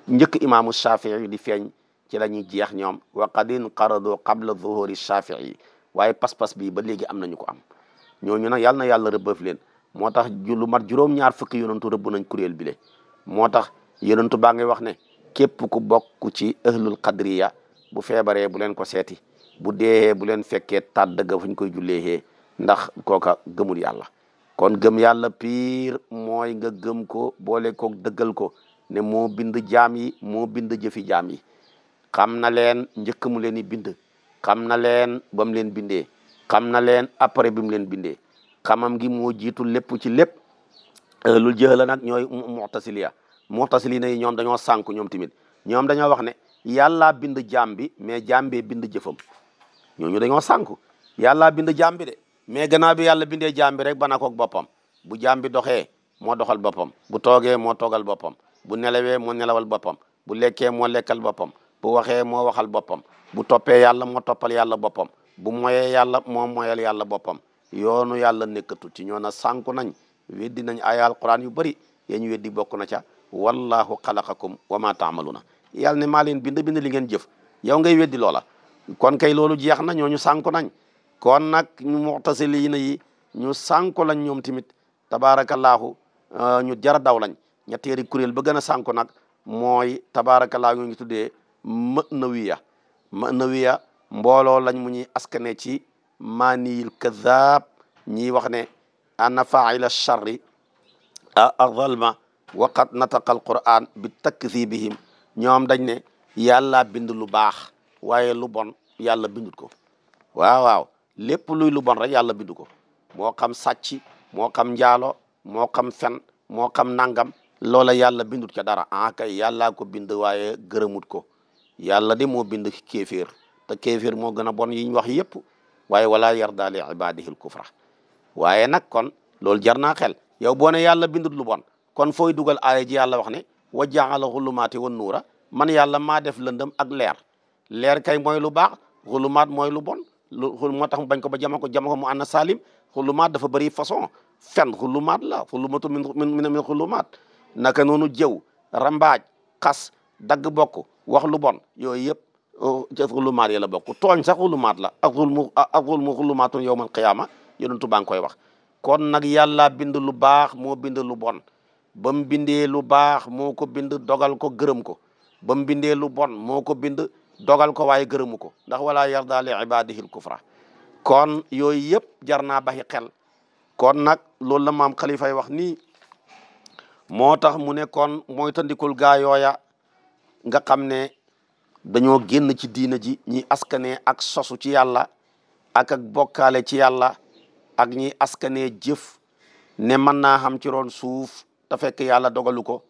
njëkk imaamu shafii di feeñ ci la ñuy jeex ñoom wa qad inqaradu qabla zuhuri shafii waaye pas-pas bii ba léegi am nañu ko am ñu nag yàlla na yàlla rëbbëf leen moo tax lu mat juróom-ñaar fukki yonantu rëbb nañ kuréel bi le moo tax yonantu baa ngay wax ne képp ku bokk ci ahlul kadriya bu feebaree bu leen ko seeti bu dee bu leen fekkee tàdd ga fu ñu koy jullee ndax kooka gëmul yàlla kon gëm yàlla piir mooy nga gëm ko boole ko dëggal ko ne moo bind jaam yi moo bind jëfi jaam yi xam na leen njëkk mu leen di bind xam na leen bam mu leen bindee kam na leen après bi mu leen bindee xamam gi moo jiitu lépp ci lépp lu jëx la nag ñooy mu'tasiliya mu'tasilina yi ñoom dañoo sànku ñoom tamit ñoom ne yàllaa bind jaam bi mais jaam bee bind ñooñu dañoo sànku yàllaa bind jaam bi de mais gannaaw bi yàlla bindee jaam rek ba na koog boppam bu jaam bi doxee moo doxal boppam bu toogee moo toogal boppam bu nelawee moo nelawal boppam bu lekkee moo lekkal boppam bu waxee moo waxal boppam bu toppee yàlla moo toppal yàlla boppam bu moye yàlla moo moyal yàlla boppam yoonu yàlla nekkatul ci ñoo na sànku nañ weddi nañ ay alquran yu bëri yéen ñu weddi bokk na ca wallahu xalaqakum wa ma taamaluuna yàlla ne maa leen bind bind li ngeen jëf yow ngay weddi loola kon kay loolu jeex na ñu sànku nañ kon nag ñu mu'tasilina yi ñu sànku lañ ñoom tamit tabaarakallaahu euh, ñu jara daw lañ ñetteeri kuréel ba gën a sànku nag mooy tabaarakallaahu ñu ngi tuddee ma'nawiya ma'nawiya mbooloo lañ mu ñuy askane ci maaniyil kazaab ñi wax ne ana faila charri azalma waqad nataqa al quran bi takdibihim ñoom dañ ne yàlla bind lu baax waaye lu bon yàlla bindut ko waaw waaw lépp luy lu bon rek yàlla bindu ko moo xam sàcc moo xam njaalo moo xam fen moo xam nangam loola yàlla bindut ca dara ah kay yàllaa ko bind waaye gërëmut ko yàlla de moo bind kéeféer te kéeféer moo gën a bon yi ñu wax yëpp waaye wala yarda li ibadihil kufra waaye nag kon loolu jar naa xel yow boo ne yàlla bindut lu bon kon fooy dugal aaya ji yàlla wax ne wa jaala xulumaati wa nuura man yàlla maa def lëndëm ak leer leer kay mooy lu baax xulumaat mooy lu bon lu moo tax mu bañ ko ba jama ko jama ko mu ànd salim xulumaat dafa bëri façon fen xulumaat la xulumaatu min min min xulumaat naka noonu jëw rambaaj kas dagg bokk wax lu bon yooyu yëpp oh, ca xulumaat yi la bokk tooñ sax xulumaat la ak xulmu ak xulmu xulumaatun yawmal qiyaama yonentu baa ngi koy wax ko nag yàlla bind lu baax moo bind lu bon ba mu bindee lu baax moo ko bind dogal ko gërëm ko bam mu bindee lu bon moo ko bind dogal ko waaye gërëmu ko ndax wala yarda li ibadihil kufra kon yooyu yëpp jar naa baxi xel kon nag loolu la maam xalifay wax nii moo tax mu ne kon mooy tandikul gaa yooya nga xam ne dañoo génn ci diina ji ñi askanee ak sosu ci yàlla ak ak bokkaale ci yàlla ak ñi askanee jëf ne mën naa xam ci roon suuf te fekk yàlla dogalu ko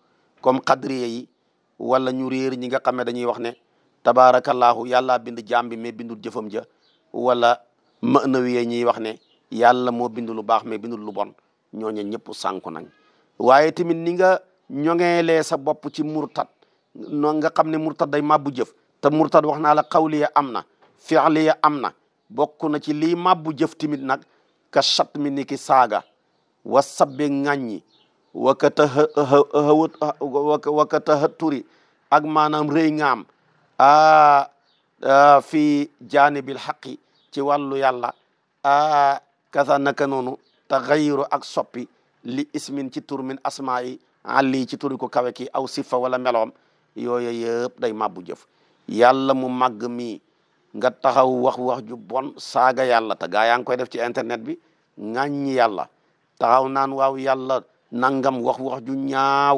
comme xadriye yi wala ñu réer ñi nga xam ne dañuy wax ne tabaarakallaahu yàllaa bind jaam bi mais bindul jëfam ja wala manawiye ñiy wax ne yàlla mo bind lu baax mais bindul lu bon ñooñu ñëpp sànku nañ waaye tamit ni nga ñoŋeelee sa bopp ci murtad noo nga xam ne murtad day màbbu jëf te murtad wax naa la xawliya am na fi'liya am na bokk na ci lii màbbu jëf tamit nag ka chat mi ni ki saaga wa sabbe ŋàññi wa ka ta wa ka tahaturi ak maanaam rëy ŋaam fi janibil xaqi ci wàllu yàlla a kasa naka noonu taxayiru ak soppi li ismin ci tur min asmaa yi àlli ci turi ko kawe ki aw sifa wala meloom yooyu yëpp day mabbu jëf yàlla mu màgg mi nga taxaw wax wax ju bon saaga yàlla te gaa yaa ngi koy def ci internet bi ŋàññi yàlla taxaw naan waaw yàlla nangam wax wax ju ñaaw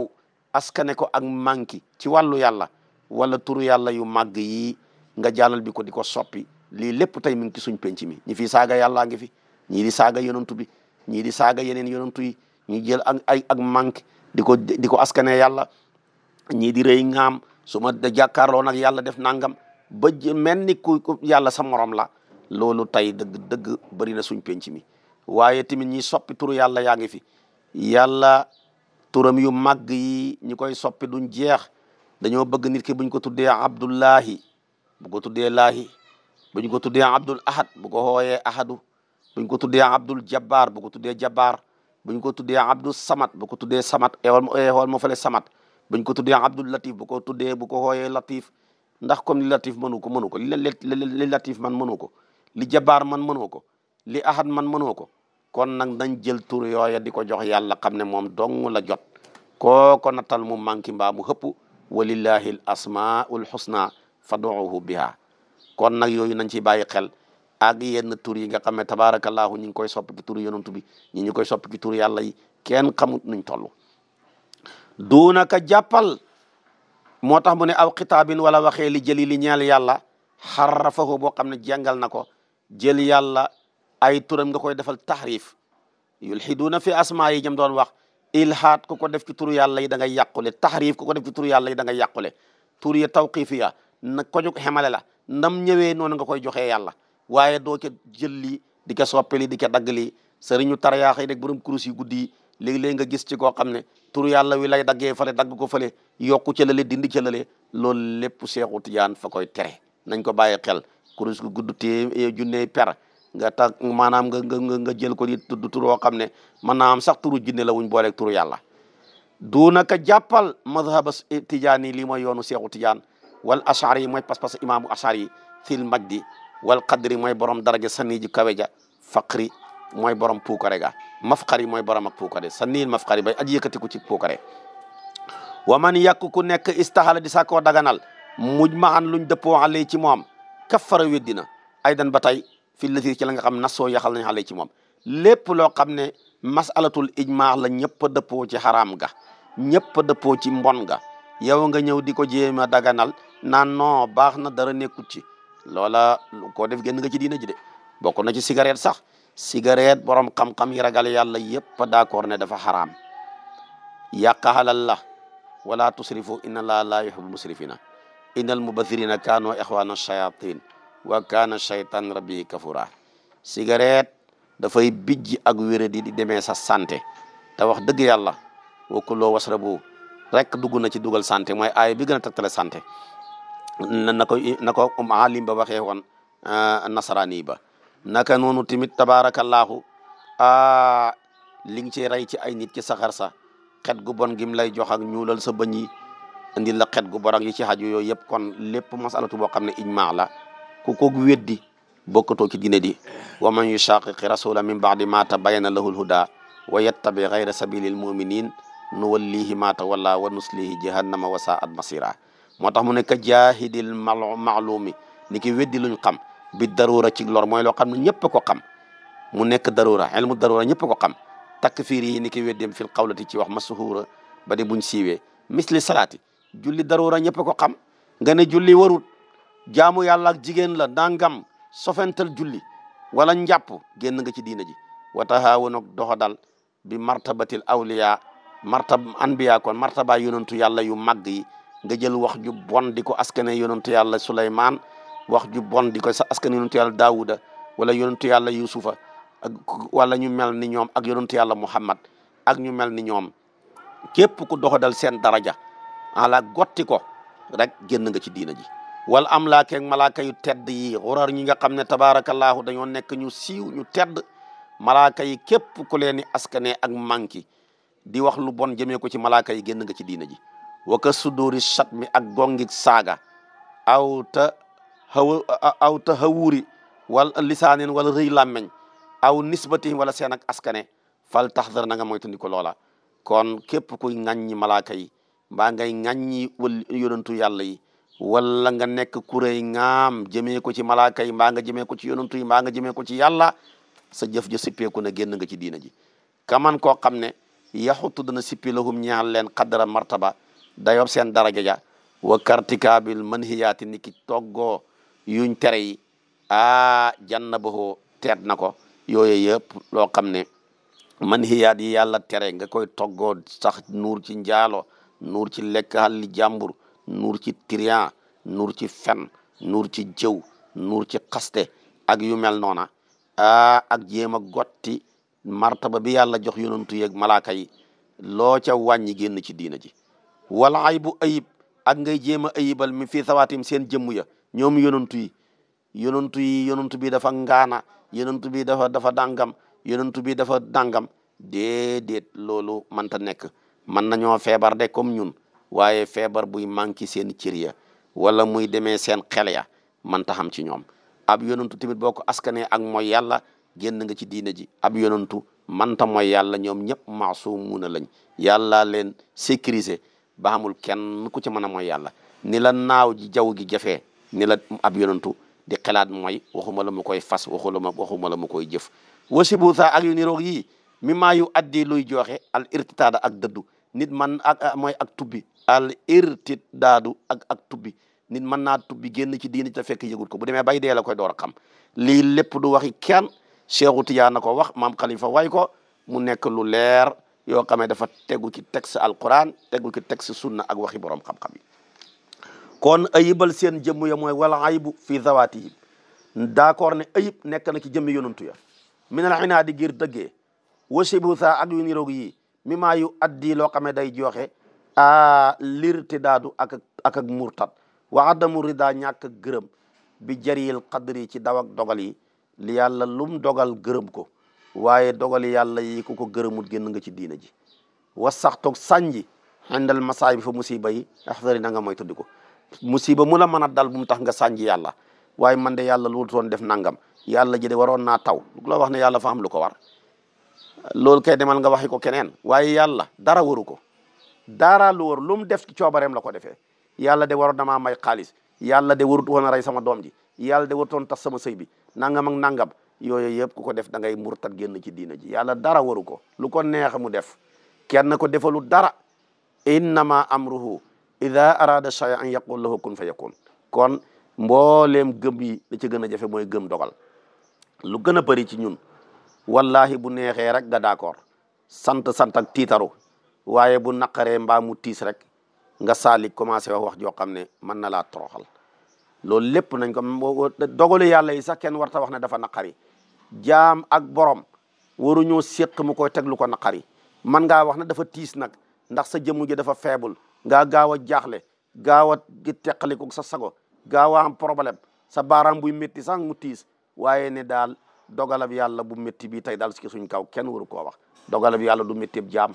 askane ko ak manki ci wàllu yàlla wala turu yàlla yu màgg yi nga jàllal bi ko di ko soppi lii lépp tey mi suñ penc mi ñi fi saaga yàllaa ngi fi ñii di saaga yonantu bi ñii di saaga yeneen yonantu yi ñu jël ak ay ak manque di ko di ko askane yàlla ñii di rey ngaam suma ma da jàkkaarloo nag yàlla def nangam ba mel ni ku yàlla sa morom la loolu tey dëgg dëgg bari na suñ penc mi waaye tamit ñi soppi turu yàlla yaa ngi fi yàlla turam yu màgg yi ñi koy soppi duñ jeex dañoo bëgg nit ki buñ ko tuddee abdullahi bu ko tuddee laahi buñ ko tuddee abdul ahad bu ko hooyee ahadu buñ ko tuddee abdul jabbaar bu ko tuddee jabbaar buñ ko tuddee abdul samat bu ko tuddee samat eewal ma eh, samat buñ ko tuddee abdul latif bu ko tuddee bu ko hooyee latif ndax comme li latif mënu ko mënu ko li latif man mënu ko li jabbaar man mënoo ko li ahad man mënoo ko kon nag nañ jël tur yooya di ko jox yàlla xam ne moom dong la jot koo ko nattal mu manqué mbaa mu walillahi l asmaul husna fad'uhu biha kon nag yooyu nañ ci bàyyi xel ak yenn tur yi nga xam ne tabaarakallaahu ñi ngi koy sopp ci tur yonent bi ñi ngi koy sopp ci tur yàlla yi kenn xamut nuñ toll duunaka jàppal moo tax mu ne aw xitaabin wala waxee li jëli li ñeel yàlla xarrafahu boo xam ne jàngal na ko jël yàlla ay turam nga koy defal taxrif yulxiduuna fi asmaa yi jëm doon wax ilhaad ku ko def ci turu yàlla yi da ngay yàqule taxriif ko def ci turu yàlla yi da ngay yàqule tur yi tawqifiya na ko jóg xemale la ndam ñëwee noonu nga koy joxee yàlla waaye doo ca jël lii di ko soppali di ko dagg lii sëriñu tariyaax yi rek borom kurus yi guddi yi léegi-léegi nga gis ci koo xam ne turu yàlla wi lay daggee fale dagg ko fale yokku ca lale dindi ca lale loolu lépp Seexu Tijaan fa koy tere nañ ko bàyyi xel kurus gu gudd te junne per nga tax maanaam nga nga nga jël ko di tudd tur woo xam ne ma naa am sax turu jinne la wuñ booleeg turu yàlla duunaka jàppal madhaba tijaani lii mooy yoonu seexu tijaan wal ashari yi mooy pas-pas imaamu ashari yi fil magdi wal qadri mooy borom daraja sanii ji kawe ja faqri mooy borom puukare ga mafqari mooy borom ak puukare saniil mafqari bay aji yëkkatiku ci puukare wa man yàkk ku nekk istahala di sàkkoo daganal muj ma an luñ dëppoo ale ci moom kaffara weddina fi lazir ci la nga xam nasoo yaxal na xale ci moom lépp loo xam ne masalatul ijmaa la ñëpp a dëppoo ci xaraam ga ñëpp a dëppoo ci mbon ga yow nga ñëw di ko jéem a daganal naan non baax na dara nekkut ci loola koo def génn nga ci diina ji de bokk na ci cigarette sax cigarette borom xam-xam yi ragal yàlla yëpp d'accord ne dafa xaraam yàq xalal la wala tusrifu inna laa laa yuhibbu musrifina innal mubathirina kaanu ixwaana shayatin wa kaana shaytan rabbi kafura cigarette dafay bijj ak wéradi di deme sa santé te wax dëgg yàlla wa kuloo wasrabu rek dugg na ci dugal santé mooy ay bi gën sante tegtale na ko na ko ba waxee woon ah, nasaraani ba naka noonu tamit tabaarakallaahu a ah, li nga ci rey ci ay nit ci saxar sa xet gu bon gim lay jox ak ñuulal sa bëñ yi indi la xet gu bon yi ci xaju yooyu yëpp kon lépp masalatu boo xam ne ijmaa la ku ko weddi bokkatoo ci diine di wa man yushaqiqi rasula min baadi ma tabayyana lahu lhuda wa yattabi gayra sabilil muminin nuwallihi ma tawalla wa nuslihi jahannama wa saat masira moo tax mu ne ka jaahidil maalumi ni ki weddi luñ xam bi darura ci lor mooy loo xam ne ñëpp ko xam mu nekk darura ilmu darura ñëpp ko xam takfiir yi ni ki weddim fil qawlati ci wax masuhuura ba di buñ siiwee misli salaati julli darura ñëpp ko xam nga ne julli warut jaamu yàlla ak jigéen la nangam sofental julli wala njàpp génn nga ci diina ji wa tahaawunog doxa dal bi martabatil awliya martab anbiya kon martaba yonantu yàlla yu màgg yi nga jël wax ju bon di ko askane yonantu yàlla Suleymaan wax ju bon di ko sa askane yonantu yàlla Daawuda wala yonantu yàlla Yusufa ak wala ñu mel ni ñoom ak yonantu yàlla Muhammad ak ñu mel ni ñoom képp ku doxa dal seen daraja ala gotti ko rek génn nga ci diina ji wal am ak malaaka tedd yi xurar ñi nga xam ne tabaarakallaahu dañoo nekk ñu siiw ñu tedd malaaka yi képp ku leen di askane ak manki di wax lu bon jëmee ko ci malaaka yi génn nga ci diina ji waka suduri chat mi ak gongik saaga aw ta haw aw ta wal lisaanin wala rëy làmmeñ aw nisbati wala seen ak askane fal taxdar na nga moytandi ko loola kon képp kuy ŋàññi malaaka yi mbaa ngay ŋàññi wal yàlla yi wala nga nekk kuréy ngaam jëmee ko ci malaaka yi mbaa nga jëmee ko ci yonantu yi mbaa nga jëmee ko ci yàlla sa jëf ja sippeeku na génn nga ci diina ji kaman koo xam ne yaxutu dana sippi lahum ñaal leen xaddara martaba dayob seen daraja ja wa kartikaabil manhiyaati ni ki toggoo yuñ tere yi aa janna bahoo teet na ko yooyu yëpp loo xam ne manhiyaat yi yàlla tere nga koy toggoo sax nuur ci njaalo nuur ci lekk xalli jàmbur nuur ci trian nuur ci fen nuur ci jëw nuur ci xaste ak yu mel noona a ak jéem a gotti martaba bi yàlla jox yonantu yeg malaaka yi loo ca wàññi génn ci diina ji wala bu ayib ak ngay jéem a ayibal mi fii sawaatim seen jëmm ya ñoom yonantu yi yonontu yi yonantu bi dafa ngaana yonantu bi dafa dafa dàngam yonantu bi dafa dàngam déedéet loolu mënta nekk mën nañoo feebar de comme ñun waaye feebar buy manqué seen cër ya wala muy demee seen xel ya man taxam ci ñoom ab yonantu tamit boo ko askanee ak mooy yàlla génn nga ci diina ji ab yonantu manta mooy yàlla ñoom ñëpp maasumuuna lañ yàlla leen sécuriser ba xamul kenn ku ci mën a mooy yàlla ni la naaw ji jaww gi jafe ni la ab yonantu di xalaat mooy waxuma la mu koy fas waxula ma waxuma la mu koy jëf wasibu saa ak yu niroog yii mi maa yu addi luy joxe al irtitaada ak dëddu nit man ak ak tubbi al irtit daadu ak ak tubbi ni mën naa tubbi génn ci diini te fekk yëgut ko bu demee bay dee koy door a xam lii lépp du waxi kenn Cheikhu Tijaan na ko wax maam kalifa way ko mu nekk lu leer yoo xamee dafa tegu ki ci texte alquran tegu ci texte sunna ak waxi borom xam-xam yi kon ayibal seen jëmm ya mooy wala ayibu fi zawatihim d'accord ne ayib nekk na ci jëmmi yonantu ya min al inaadi ngir dëggee wasibu saa ak yu yi mi maa yu addi loo xamee day joxe lirtidaadu ak ak ak murtat wa adamu rida ñàkk gërëm bi jaril qadri ci daw ak dogal yi li yàlla lum dogal gërëm ko waaye dogal yàlla yi ku ko gërëmut génn nga ci diina ji wa sax toog sànji xendal masaay bi fa musiba yi a na nga moytadi tuddi ko musiba mu la mën a dal bu mu tax nga sànji yàlla waaye man de yàlla lu doon def nangam yàlla ji waroon naa taw lu la wax ne yàlla fa am lu ko war loolu kay demal nga waxi ko keneen waaye yàlla dara waru ko dara lu wóor lu def ci coobareem la ko defee yàlla de waroon damaa may xaalis yàlla de warut woon rey sama doom ji yàlla de warutoon tas sama sëy bi nangam ak nangam yooyu yëpp ku ko def da ngay murtat génn ci diina ji yàlla dara waru ko lu ko neex mu def kenn ko defalu dara innama amruhu ida arada shay'an an yaqul la kun fa yakun kon mbolem gëm yi li ci gën a jafe mooy gëm dogal lu gën a bëri ci ñun wallahi bu neexee rek nga d'accord sant sant ak tiitaru waaye bu naqaree mbaa mu tiis rek nga saalik commencé wax wax joo xam ne mën na laa toroxal loolu lépp nañ ko dogalu yàlla yi sax kenn warta wax ne dafa naqari jaam ak borom waruñoo séq mu ko teglu ko naqari man ngaa wax ne dafa tiis nag ndax sa jëmm ji dafa faible ngaa gaaw a jaaxle gaaw a teqaliku sa sago gaaw a am problème sa baaraam buy métti sax mu tiis waaye ne daal dogalab yàlla bu métti bi tey daal si suñ kaw kenn waru koo wax dogalab yàlla du métti jaam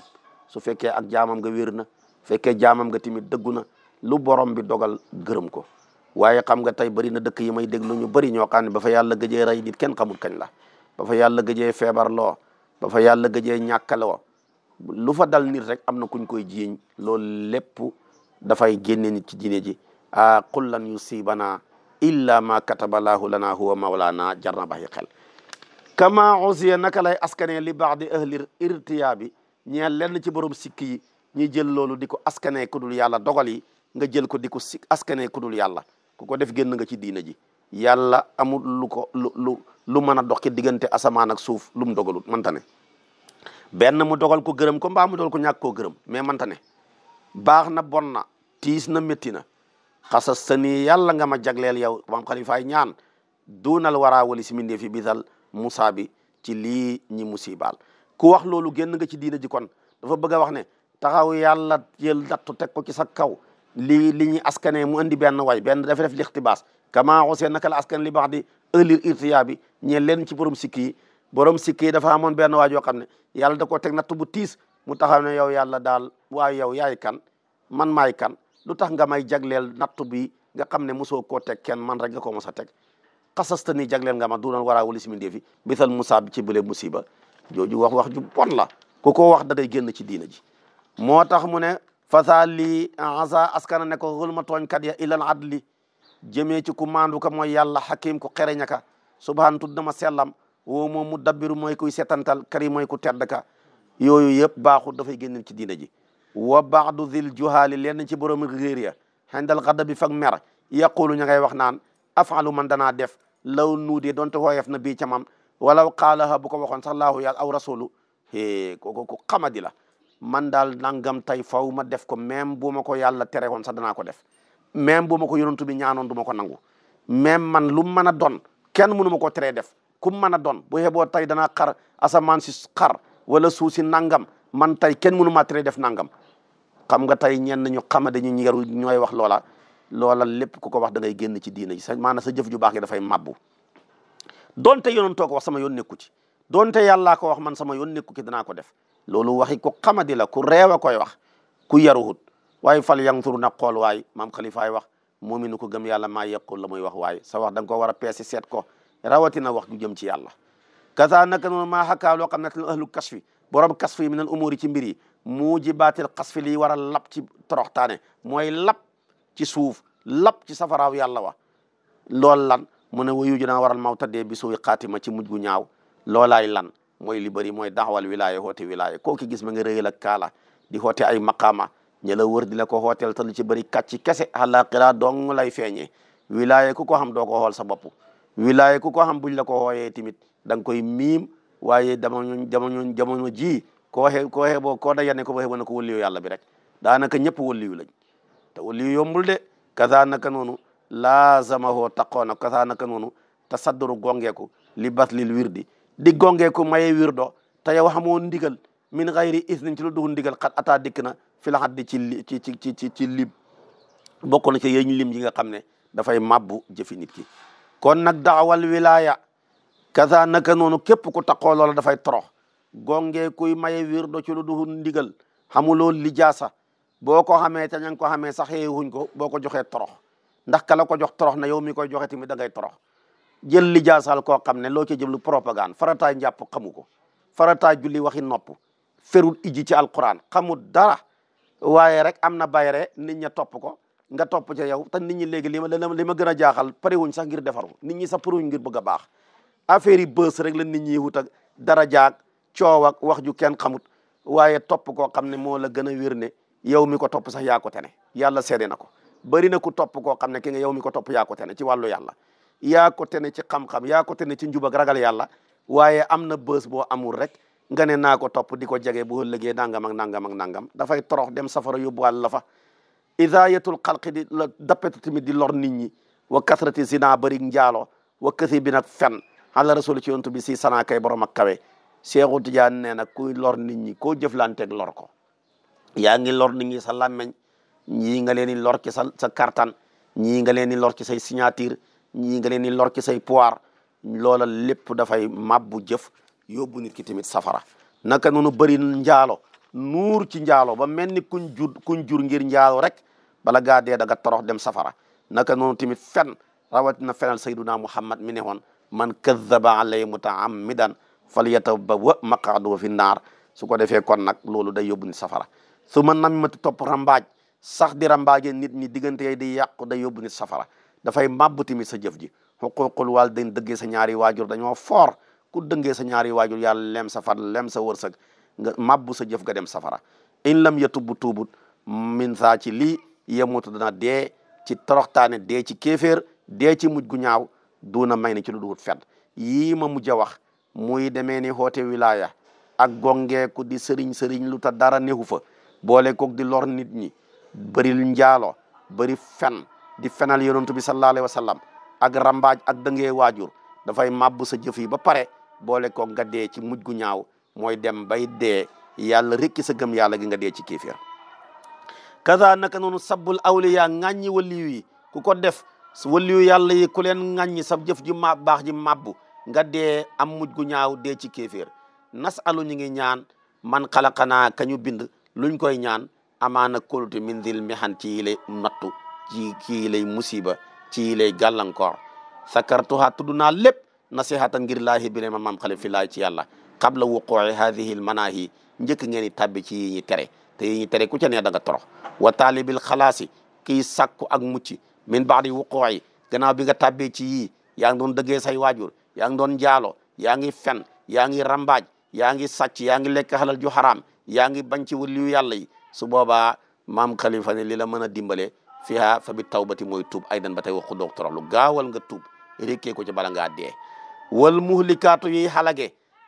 so fekkee ak jaamam nga wér na fekkee jaamam nga tamit dëggu na lu borom bi dogal gërëm ko waaye xam nga tey bari na dëkk yi may déglu ñu bari ñoo kan ne ba fa yàlla gëjee rey nit kenn xamul kañ la ba fa yàlla gëjee feebar loo ba fa yàlla gëjee ñàkkaloo lu fa dal nit rek am na kuñ koy jiiñ loolu lépp dafay génne nit ci diine ji a qul lan yusibana illa ma kataba laahu lana huwa mawlana jar na baxi xel kama usiya naka lay li baax ahli irtiyaa ñeel lenn ci borom sikk yi ñuy jël loolu di ko askanee ku dul yàlla dogal yi nga jël ko di askanee kudul dul yàlla ku ko def génn nga ci diina ji yàlla amul lu ko lu mën a dox diggante asamaan ak suuf lu mu dogalul mënta ne benn mu dogal ko gërëm ko mbaa mu dogal ko ñàkk koo gërëm mais mënta ne baax na bon na tiis na métti na xasas sa nii yàlla nga ma jagleel yow maam xalifaay ñaan duunal waraa wali si mindee fi bisal musaa bi ci lii ñi musibaal ku wax loolu génn nga ci diina ji kon dafa bëgg a wax ne taxaw yàlla jël dattu teg ko ci sa kaw li li ñuy askane mu andi benn way benn dafa def lixtibaas kama xosee naka la askan li baax di ëllir irtiyaa bi ñe leen ci borom sikki yi borom sikki yi dafa amoon benn waay yoo xam ne yàlla da koo teg natt bu tiis mu taxaw ne yow yàlla daal waaye yow yaay kan man maay kan lu tax nga may jagleel nattu bi nga xam ne mosoo koo teg kenn man rek nga ko mos a teg xasasta ni jagleel nga ma duunal waraa wali simindeefi bisal musaab ci bële musiba jooju wax wax ju bon la ku ko wax da day génn ci diina ji moo tax mu ne fasa lii asa askana ne ko xulma tooñkat ya ilal adli jëmee ci ku maandu ka mooy yàlla xakim ku xereñaka subhaan tudd na ma sellam woo moom mu dabbiru mooy kuy setantal kari mooy ku tedd ka yooyu yëpp baaxul dafay génn ci diina ji wa baadu zil juhaali lenn ci borom réer ya xendal xadda bi fa mer yaqulu ña ngay wax naan afalu man danaa def law nuudee doonte hooyef na bii camam walaw qaalaha bu ko waxoon sax laahu yàlla aw rasulu kooku ku xamadi la man daal nangam tey faw ma def ko même bu ma ko yàlla tere woon sax danaa ko def même bu ma ko yonantu bi ñaanoon du ko nangu même man lu mën a doon kenn mënu ma ko teree def ku mën a doon bu yeboo tey danaa xar asamaan si xar wala suuf si nangam man tey kenn mënu maa teree def nangam xam nga tey ñenn ñu xamadi ñu ñeeru ñooy wax loola loola lépp ku ko wax da ngay génn ci diina ji sa maanaam sa jëf ju baax gi dafay mabbu donte yonantoo ko wax sama yoon nekku ci donte yàllaa ko wax man sama yoon nekku ci ko def loolu waxi ku xamadi ku réew a koy wax ku yaruhut waaye fal yanzuru na xool waay maam xalifaay wax muuminu ko gëm yàlla maa yequl la muy wax waaye sa wax da nga ko war a peesi seet ko rawatina wax ju jëm ci yàlla kasa naka noonu maa xakkaa loo xam ne tal ahlu kasfi borom kasfi min al umuri ci mbir yi mujibaatil kasfi lii war lap lap ci toroxtaane mooy lap ci suuf lap ci safaraaw yàlla wa mu ne wayu ji naa waral mawta dee bi suy xaatima ci mujj gu ñaaw loolaay lan mooy li mooy daxwal wilaya hoote wilaya koo ki gis ma nga rëyal ak kaala di hoote ay maqaama ña la wër la ko hooteel te lu ci bëri kese àllaaxira dong lay feeñee wilaya ku ko xam doo ko xool sa bopp ku ko xam buñ la ko hooyee tamit da nga koy miim waaye jamono jamono jamono ji ko xee ko xee boo koo dajane ko boo xee ne ko wëliyu yàlla bi rek daanaka ñëpp wëliyu lañ te wëliyu laazamahoo taqoona kasaanaka noonu te sadduru gongeeku li baslil wirdi di gongeeku maye wirdo te yow xamoo ndigal min xayri isnin ci lu duxul ndigal xat ataa dikk na fi la xat di ci li ci ci ci ci lim bokk na ci yéñ lim yi nga xam ne dafay mabbu jëfi nit ki kon nag daawal wilaaya kasaa naka noonu képp ku taqoo loola dafay torox gongee kuy maye wirdo ci lu duxul ndigal xamuloo lijaasa boo ko xamee te ña nga ko xamee sax yeewuñ ko boo ko joxee torox ndax kala ko jox torox na yow mi koy joxe tamit da ngay torox jël li jaasaal koo xam ne loo ci jëm lu propagande farataay njàpp xamu ko farataay julli waxi nopp ferul iji ci alquran xamul dara waaye rek am na bayre nit ña topp ko nga topp ca yow te nit ñi léegi li ma li ma gën a jaaxal parewuñ sax ngir defaru nit ñi sax parewuñ ngir bëgg a baax affaire yi bës rek la nit ñi wut dara jaag coowak ak wax ju kenn xamut waaye topp koo xam ne moo la gën a wér ne yow mi ko topp sax yaa tene yàlla seede na ko bëri na ku topp koo xam ne ki nga yow mi ko topp yaa ko tene ci wàllu yàlla yaa ko tene ci xam yaa ko tene ci njub ak ragal yàlla waaye am na bës boo amul rek nga ne naa ko topp di ko jege bu ëllëgee nangam ak nangam ak nangam dafay torox dem safara yóbbuwàl la fa idaayatul xalqi di la dappetu tamit di lor nit ñi wa kasrati zina bëri njaalo wa kasi bi nag fen ala rasul ci yontu bi si sanaa kay boro ak kawe Seexu Tijaan nee na kuy lor nit ñi koo jëflanteeg lor ko yaa ñii nga leen di lor ci sa sa kartan ñii nga leen di lor ci say signature ñii nga leen di lor ci say pouvoir loola lépp dafay mabbu jëf yóbbu nit ki tamit safara naka noonu bëri njaalo nuur ci njaalo ba mel ni kuñ jur kuñ jur ngir njaalo rek bala gaa dee da nga dem safara naka noonu tamit fen rawatina fenal sayduna muhammad mi ne woon man kadaba alay mutaammidan falyatabawwa maqaduhu fi naar su ko defee kon nag loolu day yóbbu nit safara su ma namimatu topp sax di rambaaje nit ñi diggante di yàqu day yóbbu nit safara dafay màbb tamit sa jëf ji xuquuqul waalidayn dëggee sa ñaari waajur dañoo foor ku dëggee sa ñaari waajur yàlla lem sa fat lem sa wërsëg nga màbbu sa jëf ga dem safara in lam yatubbu tuubut min saa ci lii yemutu dana dee ci toroxtaane dee ci kéeféer dee ci muj gu ñaaw duuna may ni ci lu du fet yii ma mujj a wax muy demee ni xoote wilaaya ak gongeeku di sëriñ sëriñ lu ta dara neexu fa boole koog di lor nit ñi bëril njaalo bari fen di fenal yonantu bi sallallahu alayhi wa sallam ak rambaaj ak dëngee waajur dafay màbb sa jëf yi ba pare boole ko nga dee ci muj gu ñaaw mooy dem bay dee yàlla rekki sa gëm yàlla gi nga dee ci kiifir kaza naka noonu sabul awliya ŋàññi waliyu yi ku ko def waliyu yàlla yi ku leen ŋàññi sa jëf ji ma baax ji màbbu nga dee am muj gu ñaaw dee ci kiifir nasalu ñu ngi ñaan man kalakana kañu bind luñ koy ñaan amaana kóolute min dil mexan ci yi lay nattu ci ci yi musiba ci yi lay gàllankoor sakartuha tudd naa lépp nasihata ngir laahi bi ma maam xale fi laay ci yàlla qabla wuqu'i hadihi almanahi njëkk ngeen i tabbi ci yi ñi tere te yi ñi tere ku ca ne da nga torox wa taalibil xalaasi kii sakku ak mucc min baadi wuqu'i gannaaw bi nga tabbee ci yii yaa ngi doon dëggee say waajur yaa ngi doon jaalo yaa ngi fen yaa ngi rambaaj yaa ngi sàcc yaa ngi lekk xalal ju xaraam yaa ngi bañ ci waliyu yàlla yi su boobaa maam kalifa ne li la mën a dimbale fiha fa bi tawbati mooy tuub ay dan ba tey waxu doog torox gaawal nga tuub rikkee ko ci bala ngaa dee wal muhlikaatu yiy xalage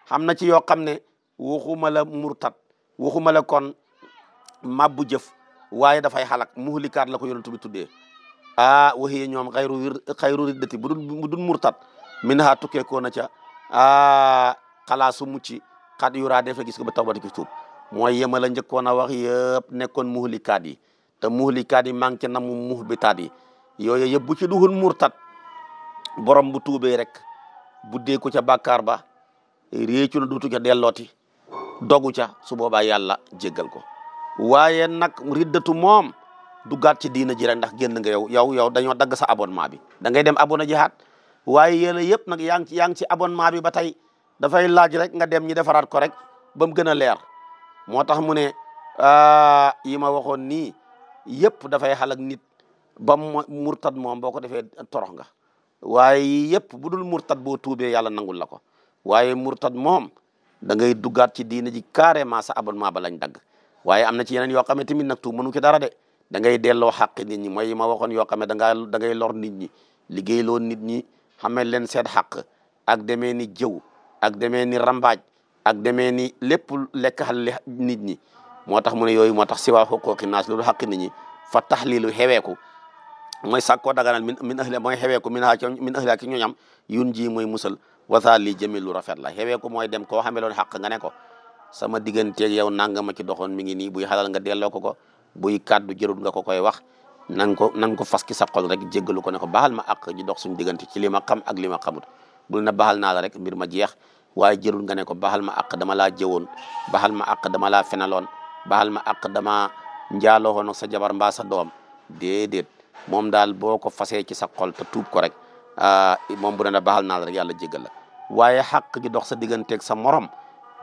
xam na ci yoo xam ne waxuma la murtat waxuma la kon mabbu jëf waaye dafay xalak muhlikaat la ko yonent bi tuddee ah waxi ñoom xayru wir xayru riddati bu dul bu dul murtat min ha tukkee koo na ca ah xalaasu mucc xat yuraa defe gis ko ba tawbati ko tuub mooy yema la njëkkoon a wax yëpp nekkoon muhlikaat yi te muhlikaat yi manqué na mu muhbitaat yi yooyu yëpp bu ci duhul murtat borom bu tuubee rek bu dee ko ca bàkkaar ba réecu na duutu ca dellooti dogu ca su boobaa yàlla jéggal ko waaye nag riddatu moom duggaat ci diina ji rek ndax génn nga yow yow yow dañoo dagg sa abonnement bi da ngay dem abonné jihaat waaye yéen yëpp nag yaa ngi ci yaa ngi ci abonnement bi ba tey dafay laaj rek nga dem ñi defaraat ko rek ba mu gën a leer moo tax mu ne yi ma waxoon nii yëpp dafay xalak nit ba murtad moom boo ko defee torox nga waaye yëpp bu dul murtad boo tuubee yàlla nangul la ko waaye murtad moom dangay ngay duggaat ci diina ji carrément sa abonnement ba lañ dagg waaye am na ci yeneen yoo xam ne tamit nag tuub mënu ci dara de dangay ngay delloo xàq nit ñi mooy yi ma waxoon yoo xam ne da nga da ngay lor nit ñi liggéeyloo nit ñi xamee leen seen xàq ak demee ni jëw ak demee ni rambaaj ak demee ni lépp lekk xal nit ñi moo tax mu ne yooyu moo tax si waa xuquuqi naas loolu xaqi nit ñi fa taxlilu xeweeku mooy sàkkoo daganal min min ahli mooy xeweeku min ha min ahli ki ñoñam ji mooy musal wasaal li jëmil lu rafet la xeweeku mooy dem koo xameloon xaq nga ne ko sama digganteeg yow nanga ma ci doxoon mi ngi nii buy xalal nga delloo ko ko buy kàddu jërul nga ko koy wax nan ko nan ko fas ki sa xol rek jéggalu ko ne ko baal ma ak ji dox suñu diggante ci li ma xam ak li ma xamut bul na baal naa la rek mbir ma jeex waaye jërul nga ne ko baxal ma àq dama laa jëwoon baxal ma àq dama laa fenaloon baxal ma àq dama njaaloo woon ak sa jabar mbaa sa doom déedéet moom daal boo ko fasee ci sa xol te tuub ko rek ah, moom bu ne la baxal naa la rek yàlla jégal la waaye xàq ji dox sa digganteeg sa morom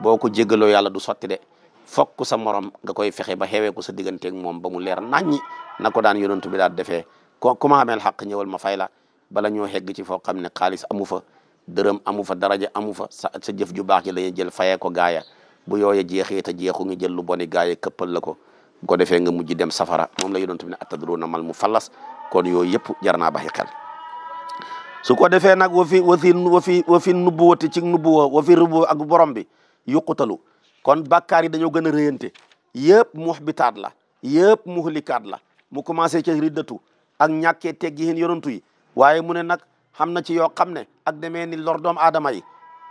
boo ko jégaloo yàlla du sotti de fokk sa morom nga koy fexe ba xewee ko sa digganteeg moom ba mu leer naññi na ko daan yonent bi daal defee ko ku ma ameel xàq ñëwal ma fay la bala ñoo xegg ci foo xam ne xaalis amu fa dërëm amu fa daraja amu fa sa sa jëf ju baax ji la ñuy jël fayee ko gaaya bu yooye jeexee te jeexu nga jël lu boni gaaya këppal la ko bu ko nga mujj dem safara moom la yonent bi ne na mal mu fallas kon yooyu yëpp jar naa baxi xel su ko defee nag wa fi wa fi wa fi wa fi nubuwati ci nubuwa wa fi rubu ak borom bi yuqutalu kon bàkkaar yi dañoo gën a réyante yëpp muhbitaat la yëpp muhlikaat la mu commencé ci riddatu ak ñàkkee teggihin yonantu yi mu ne nag xam na ci yoo xam ne ak demee ni lor doom aadama yi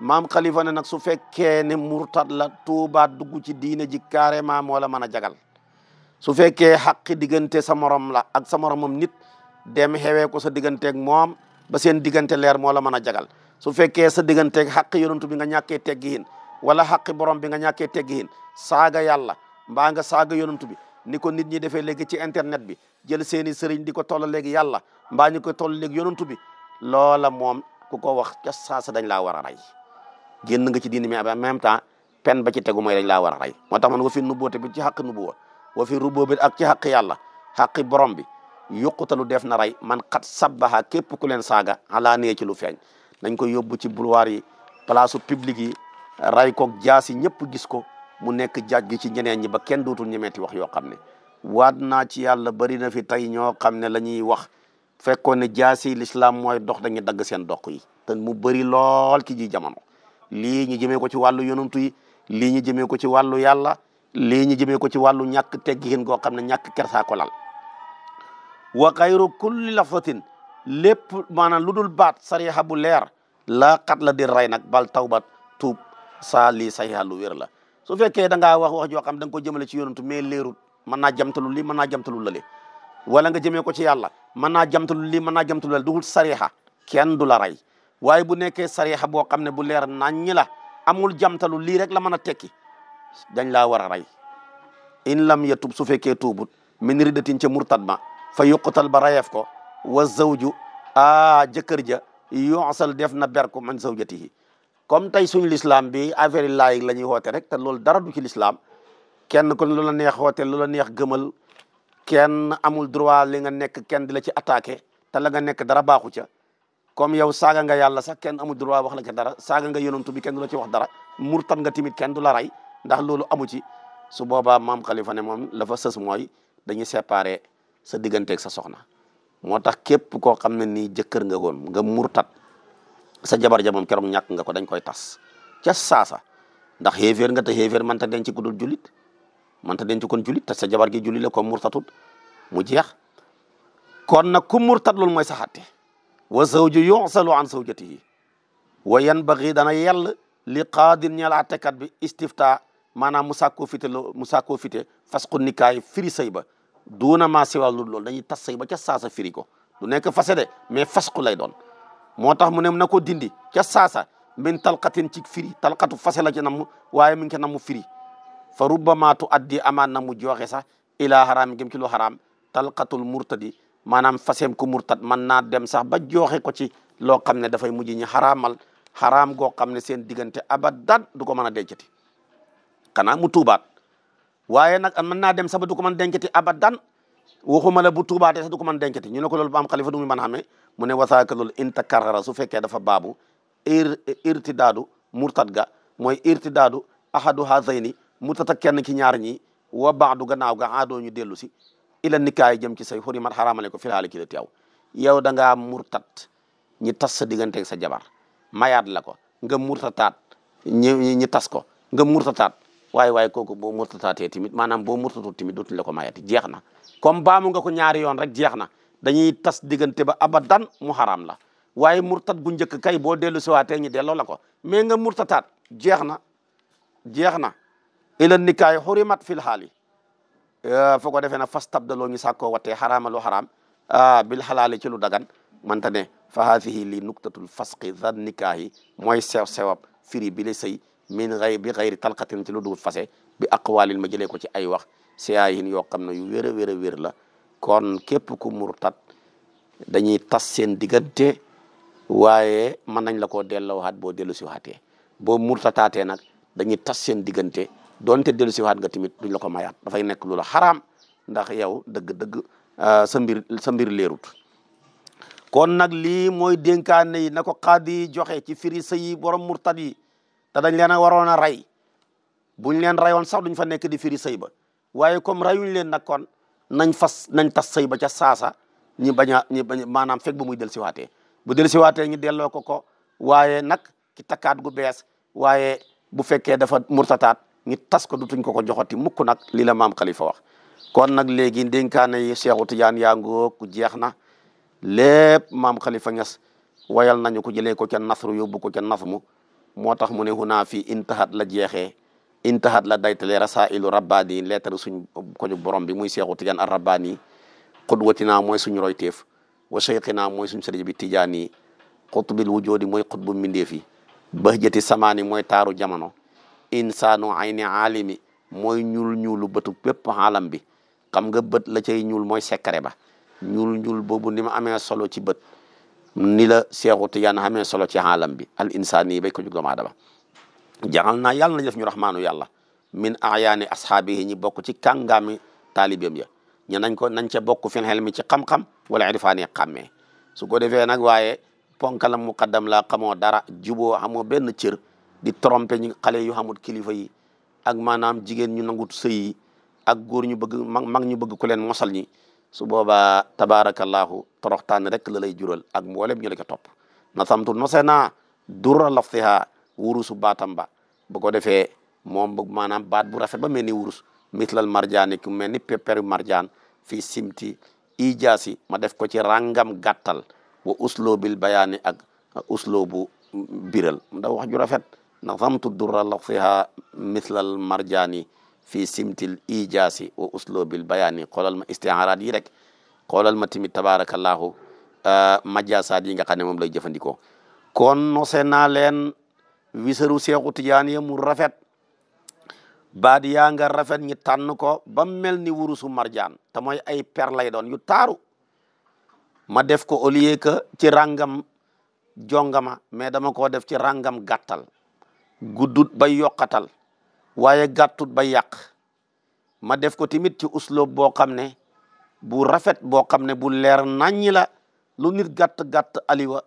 maam kalifa ne nag su fekkee ne murtad la tuubaat dugg ci diine ji carrément moo la mën a jagal su fekkee xaqi diggante sa morom la ak sa moromam nit dem xewee ko sa digganteeg moom ba seen diggante leer moo la mën a jagal su fekkee sa digganteeg xaqi yonantu bi nga ñàkkee teggihin wala xaqi borom bi nga ñàkkee teggihin saaga yàlla mbaa nga saaga yonantu bi ni ko nit ñi defee léegi ci internet bi jël seeni sëriñ di ko toll léegi yàlla mbaa ñu ko toll léegi yonantu bi loola moom ku ko wax ca saasa dañ laa war a rey génn nga ci diini mais en même temps pen ba ci tegu mooy dañ laa war a rey moo tax man wa fi nubuwwati bi ci xàq nubuwa wa fi rububiyya ak ci xàq yàlla xàqi borom bi yuqutalu def na ray man xat sabbaha képp ku leen saaga alaa nee ci lu feeñ nañ ko yóbbu ci boulevard yi place publique yi ray ko jaas yi ñëpp gis ko mu nekk jaaj gi ci ñeneen ñi ba kenn dootul ñemeeti wax yoo xam ne waat naa ci yàlla bari na fi tey ñoo xam ne la wax fekkoon ne jaasi lislaam mooy dox dañuy dagg seen dox yi te mu bari lool ci ji jamono lii ñu jëmee ko ci wàllu yonantu yi lii ñu jëmee ko ci wàllu yàlla lii ñu jëmee ko ci wàllu ñàkk teggiin goo xam ne ñàkk kersaa ko lal wa xayru kulli lafzatin lépp maanaam lu dul baat sariha bu leer laa xat la der rey nag bal tawbat tuub saa lii saxiha lu wér la su fekkee da ngaa wax wax joo xam da ko jëmale ci yonantu mais leerut mën naa jamtalu lii mën naa jamtalu lale wala nga jëmee ko ci yàlla mën naa jamtul lii mën naa jamtul dugul sariha kenn du la rey waaye bu nekkee sariha boo xam ne bu leer naññi la amul jamtalu lii rek la mën a tekki dañ laa war a rey in lam yatub su fekkee tuubut min riddatin ca murtad ma fa yuqtal ba rayeef ko wa zawju a jëkkër ja yoosal def na ber ko man zawjatihi comme tey suñu lislaam bi affaire yi laay la ñuy woote rek te loolu dara du ci lislaam kenn kon lu la neex woote lu la neex gëmal kenn amul droit li nga nekk kenn di la ci attaqué te la nga nekk dara baaxu ca comme yow saaga nga yàlla sax kenn amul droit wax la ca dara saaga nga yonantu bi kenn du la wax dara murtat nga timit kenn du la rey ndax loolu amu ci su boobaa maam Khalifa moom la fa sës mooy dañuy séparé sa digganteeg sa soxna moo tax képp koo xam ne ni jëkkër nga woon nga murtat sa jabar ja moom keroog ñàkk nga ko dañ koy tas ca saasa ndax xéeféer nga te xéeféer man ta denc ku dul jullit mënta denc kon julit te sa jabar gi julli la comme murtatut mu jeex kon nag ku murtat loolu mooy sa xatte wa zawju yusalu an zawjatihi wa yanbaghi dana yell li qaadin ñeel àttekat bi istifta maanaam mu sàkkoo fite lo mu sàkkoo fite fasqu nikaay firi sëy ba ma maa siwaa lu loolu dañuy tas sëy ba ca saasa firi ko lu nekk fase de mais fasqu lay doon moo tax mu ne na ko dindi ca saasa min talqatin ci firi talqatu fase la ci namu waaye mi ngi ca namu firi fa rubbama tu addi amaan na mu jooxe sax ilaa xaraam gëm ci lu xaraam talqatul murtadi maanaam faseem ku murtad man naa dem sax ba joxe ko ci loo xam ne dafay mujj ñi xaraamal xaraam goo xam ne seen diggante abadan du ko mën a dencati xanaa mu tuubaat waaye nag man naa dem sax ba du ko mën dencati abadan waxuma la bu tuubaatee sax du ko mën dencati ñu ne ko loolu ba am xalifa du muy mën xamee mu ne wasaaka loolu inta karara su fekkee dafa baabu ir irtidaadu murtad ga mooy irtidaadu ahadu hazayni mu tata kenn ki ñaar ñi wa baadu gannaaw ga aadoo ñu dellu si ila nikaay jëm ci say xurimat xaraamale ko filaali ki la teew yow da ngaa murtat ñi tas sa digganteeg sa jabar mayaat la ko nga murtataat ñi ñi tas ko nga murtataat waaye waaye kooku boo murtataatee tamit maanaam boo murtatul tamit dootuñ la ko mayaati jeex na comme baamu nga ko ñaari yoon rek jeex na dañuy tas diggante ba abadan mu xaraam la waaye murtat bu njëkk kay boo dellu siwaatee ñi delloo la ko mais nga murtataat jeex na jeex na ila nikaay xurimat fil xaali eh, foo ko defee nag fas tabdaloo ñu sàkkoo wattee xaraama lu xaraam ah, bil xalaali ci dagan manta ne fa haadihi li nuktatul fasqi zan nikaahi mooy sew sewab firi bi la sëy min gay bi gayri talqatin ci lu dugut fase bi aqwalin ma jëlee ko ci ay wax siyaayin yoo xam ne yu wér a wér a wér la kon képp ku murtat dañuy tas seen diggante waaye mën nañ la koo delloowaat boo dellu si waatee boo murtataatee nag dañuy tas seen diggante dellu siwaat nga tamit duñ la ko mayaat dafay nekk lu la xaraam ndax yow dëgg-dëgg euh, sa mbir sa mbir leerut kon nag lii mooy dénkaane yi na ko xaadi joxe ci firi sa yi borom murtad yi te dañ leen a waroon a rey buñ leen reyoon sax duñ fa nekk di firi sëy ba waaye comme rey rayuñ leen nag kon nañ fas nañ tas sëy ba ca saasa ñi bañ a ñi bañ maanaam fekk ba muy del siwaate bu del siwaate ñu delloo ko ko waaye nag ki takkaat gu bees waaye bu fekkee dafa murtataat ñu tas ko dutuñ ko ko joxati mukk nag li la maam Khalifa wax kon nag léegi ndénkaane yi Seexu Tijaan yaa ngoog jeex na lépp maam Khalifa Ñas wayal nañu ko jëlee ko ca nasru yóbbu ko ca nasmu moo tax mu ne hunaa fii intahat la jeexee intahat la daytale rasailu rabbaani yi leetar suñ ko ñu borom bi muy Seexu Tijaan ar rabbaani yi xudwatinaa mooy suñu royteef wa cheyqinaa mooy suñ sëriñ bi Tijaan yi xutbil wujoodi mooy xutbu mbindeef ba bahjati samaani mooy taaru jamono insaanu ayni alimi mooy ñuul ñuulu bëtu bépp xaalam bi xam nga bët la cay ñuul mooy secret ba ñuul ñuul boobu ni ma amee solo ci bët ni la Seexu Tijaan amee solo ci xaalam bi al insaani yi bay ko jug doomu aadama jaxal naa yàlla nañ def ñu raxmaanu yàlla min ayaani ashaabihi ñi bokk ci mi taalibeem ya ñe nañ ko nañ ca bokk fil helmi ci xam-xam wala irfaani xàmmee su ko defee nag waaye ponkalam muqaddam laa xamoo dara juboo xamoo benn cër di tromper ñu xale yu xamul kilifa yi ak maanaam jigéen ñu nangut sëy ak góor ñu bëgg mag mag ñu bëgg ku leen mosal ñi su boobaa tabaarakallaahu toroxtaan rek la lay jural ak mboolem ñu la ko topp na samtu nose naa dura laftiha wurusu baatam ba bu ko defee moom maanaam baat bu rafet ba mel ni wurus mitlal marjaani ku mel ni pepperu marjaan fii simti ijaasi ma def ko ci ràngam gàttal wa usloobil bayaani ak usloobu biral da wax ju rafet nazamtu durra lafiha mithlal marjaani fii simtil ijaasi wa uslobil bayaani xoolal ma istiaaraat yi rek xoolal ma tamit tabaarakallaahu majaasaat yi nga xam ne moom lay jëfandikoo ko nose naa leen wisaru seexu tijaan ya mu rafet baat yaa nga rafet ñi tànn ko ba mel ni wurusu marjaan te mooy ay per lay doon yu taaru ma def ko au lieu que ci ràngam jongama mais dama koo def ci ràngam gàttal guddut bay yokkatal waaye gàttut bay yàq ma def ko tamit ci usloob boo xam ne bu rafet boo xam ne bu leer naññi la lu nit gàtt-gàtt aliwa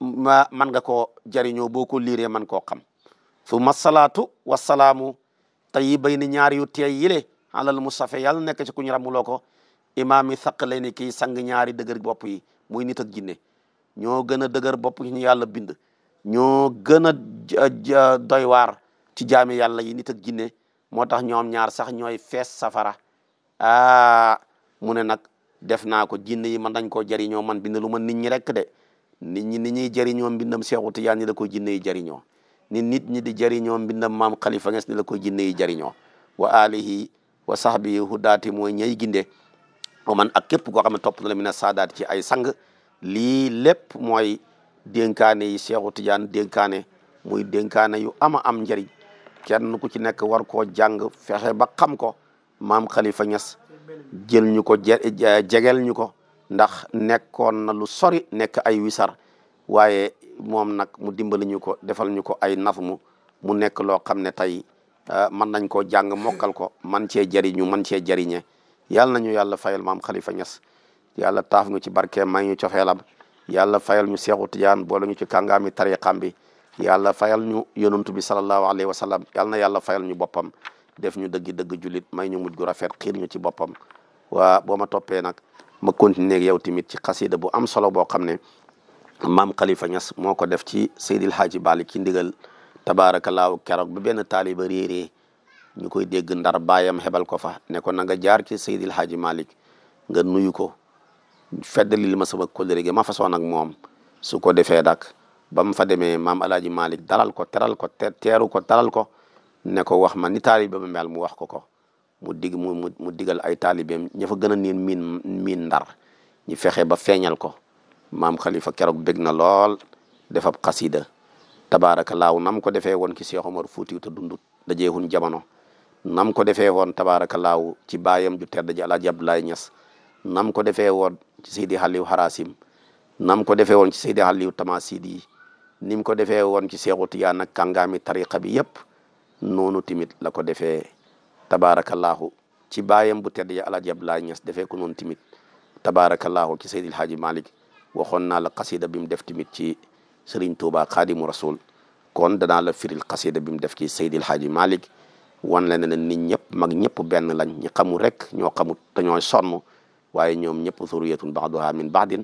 ma man nga koo jariñoo boo ko liiree man koo xam summa salaatu wasalaamu tayyibayni ñaar yu teey yile mu mustafa yàlla nekk ci ku ñu ramuloo ko imaami saq lay ni kii sang ñaari dëgër bopp yi muy nit ak jinne ñoo gën a dëgër bopp ñu yàlla bind ñoo gën a doy waar ci jaami yàlla yi nit jinne moo tax ñoom ñaar sax ñooy fees safara aa ah, mu ne nag def naa ko jinne yi mën nañ koo jëriñoo man bind lu ma nit ñi rek de nit ñi ni ñuy jëriñoo mbindam Seexu Tijaan ni la ko jinne yi jëriñoo ni nit ñi di jëriñoo mbindam maam kalifa Nges ni la ko jinne yi jëriñoo wa alihi wa sahbihi hudaati mooy ñay ginde o man ak képp koo xam ne topp na mi ne saadaat ci ay sang lii lépp mooy dénkaane yi Seexu Tijaan dénkaane muy dénkaane yu ama am njëriñ kenn ku ci nekk war koo jàng fexe ba xam ko maam Khalifa Niass jël ñu ko jegeel ñu ko ndax nekkoon na lu sori nekk ay wisar waaye moom nag mu dimbali ñu ko defal ñu ko ay nafmu mu nekk loo xam ne tey euh, mën nañ koo jàng mokkal ko man cee jëriñu man cee jëriñe na nañu yàlla fayal maam Khalifa Niass yàlla taaf ñu ci barke may ñu cofeelam yàlla fayal ñu seexu tijaan boole ñu ci kàngaami tariqam bi yàlla fayal ñu yonantu bi sallallahu alayhi wa sallam yàlla na yàlla fayal ñu boppam def ñu dëgg dëgg jullit may ñu mujj gu rafet xiir ñu ci boppam waa boo ma toppee nag ma continuer ak yow tamit ci xasida bu am solo boo xam ne maam kalifa ñas moo ko def ci Seydil Hadji Bali ki ndigal tabaarakallaahu keroog bu benn taaliba réeree ñu koy dégg ndar baayam xebal ko fa ne ko na nga jaar ci Seydil Hadji malik nga nuyu ko feddali li ma sama kóllëre gi ma façon ak moom su ko defee dak ba mu fa demee maam alaaji Malick dalal ko teral ko teeru ko dalal ko ne ko wax ma ni taalibe ba meel mu wax ko ko mu dig mu mu digal ay taalibeem ña fa gën a niin miin miin ndar ñu fexe ba feeñal ko maam Khalifa keroog bég na lool defab xasida tabaaraka laaw nam ko defee woon ki Cheikh Omar Fuutiyu te dundut dajeexun jamono nam ko defee woon tabaaraka laaw ci baayam ju tedd ji Alaaji Abdoulaye Niass nam ko defee woon si Seydi Aliou Harasim nam ko defee woon ci Seydi Aliou Tamasidi ni mu ko defee woon ci Seexu Tijaan ak kàngaami tariqa yëpp noonu tamit la ko defee tabaarakallaahu ci baayam bu tedd ya Alaaji Abdoulaye Niass defee ko noonu tamit tabaarakallaahu ci Seydil Haaji Malick waxoon naa la xasida bi mu def tamit ci Serigne Touba Xaadimu Rasul kon danaa la firil xasida bi mu def ci Seydil Haaji Malick wan la ne nit ñëpp mag ñëpp benn lañ ñi xamul rek ñoo xamut dañoo sonn waaye ñoom ñëpp zuriyatun baaduha min baadin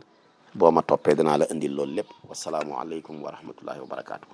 boo ma toppee danaa la indil loolu lépp wasalaamualeykum wa rahmatullahi wa barakaatu.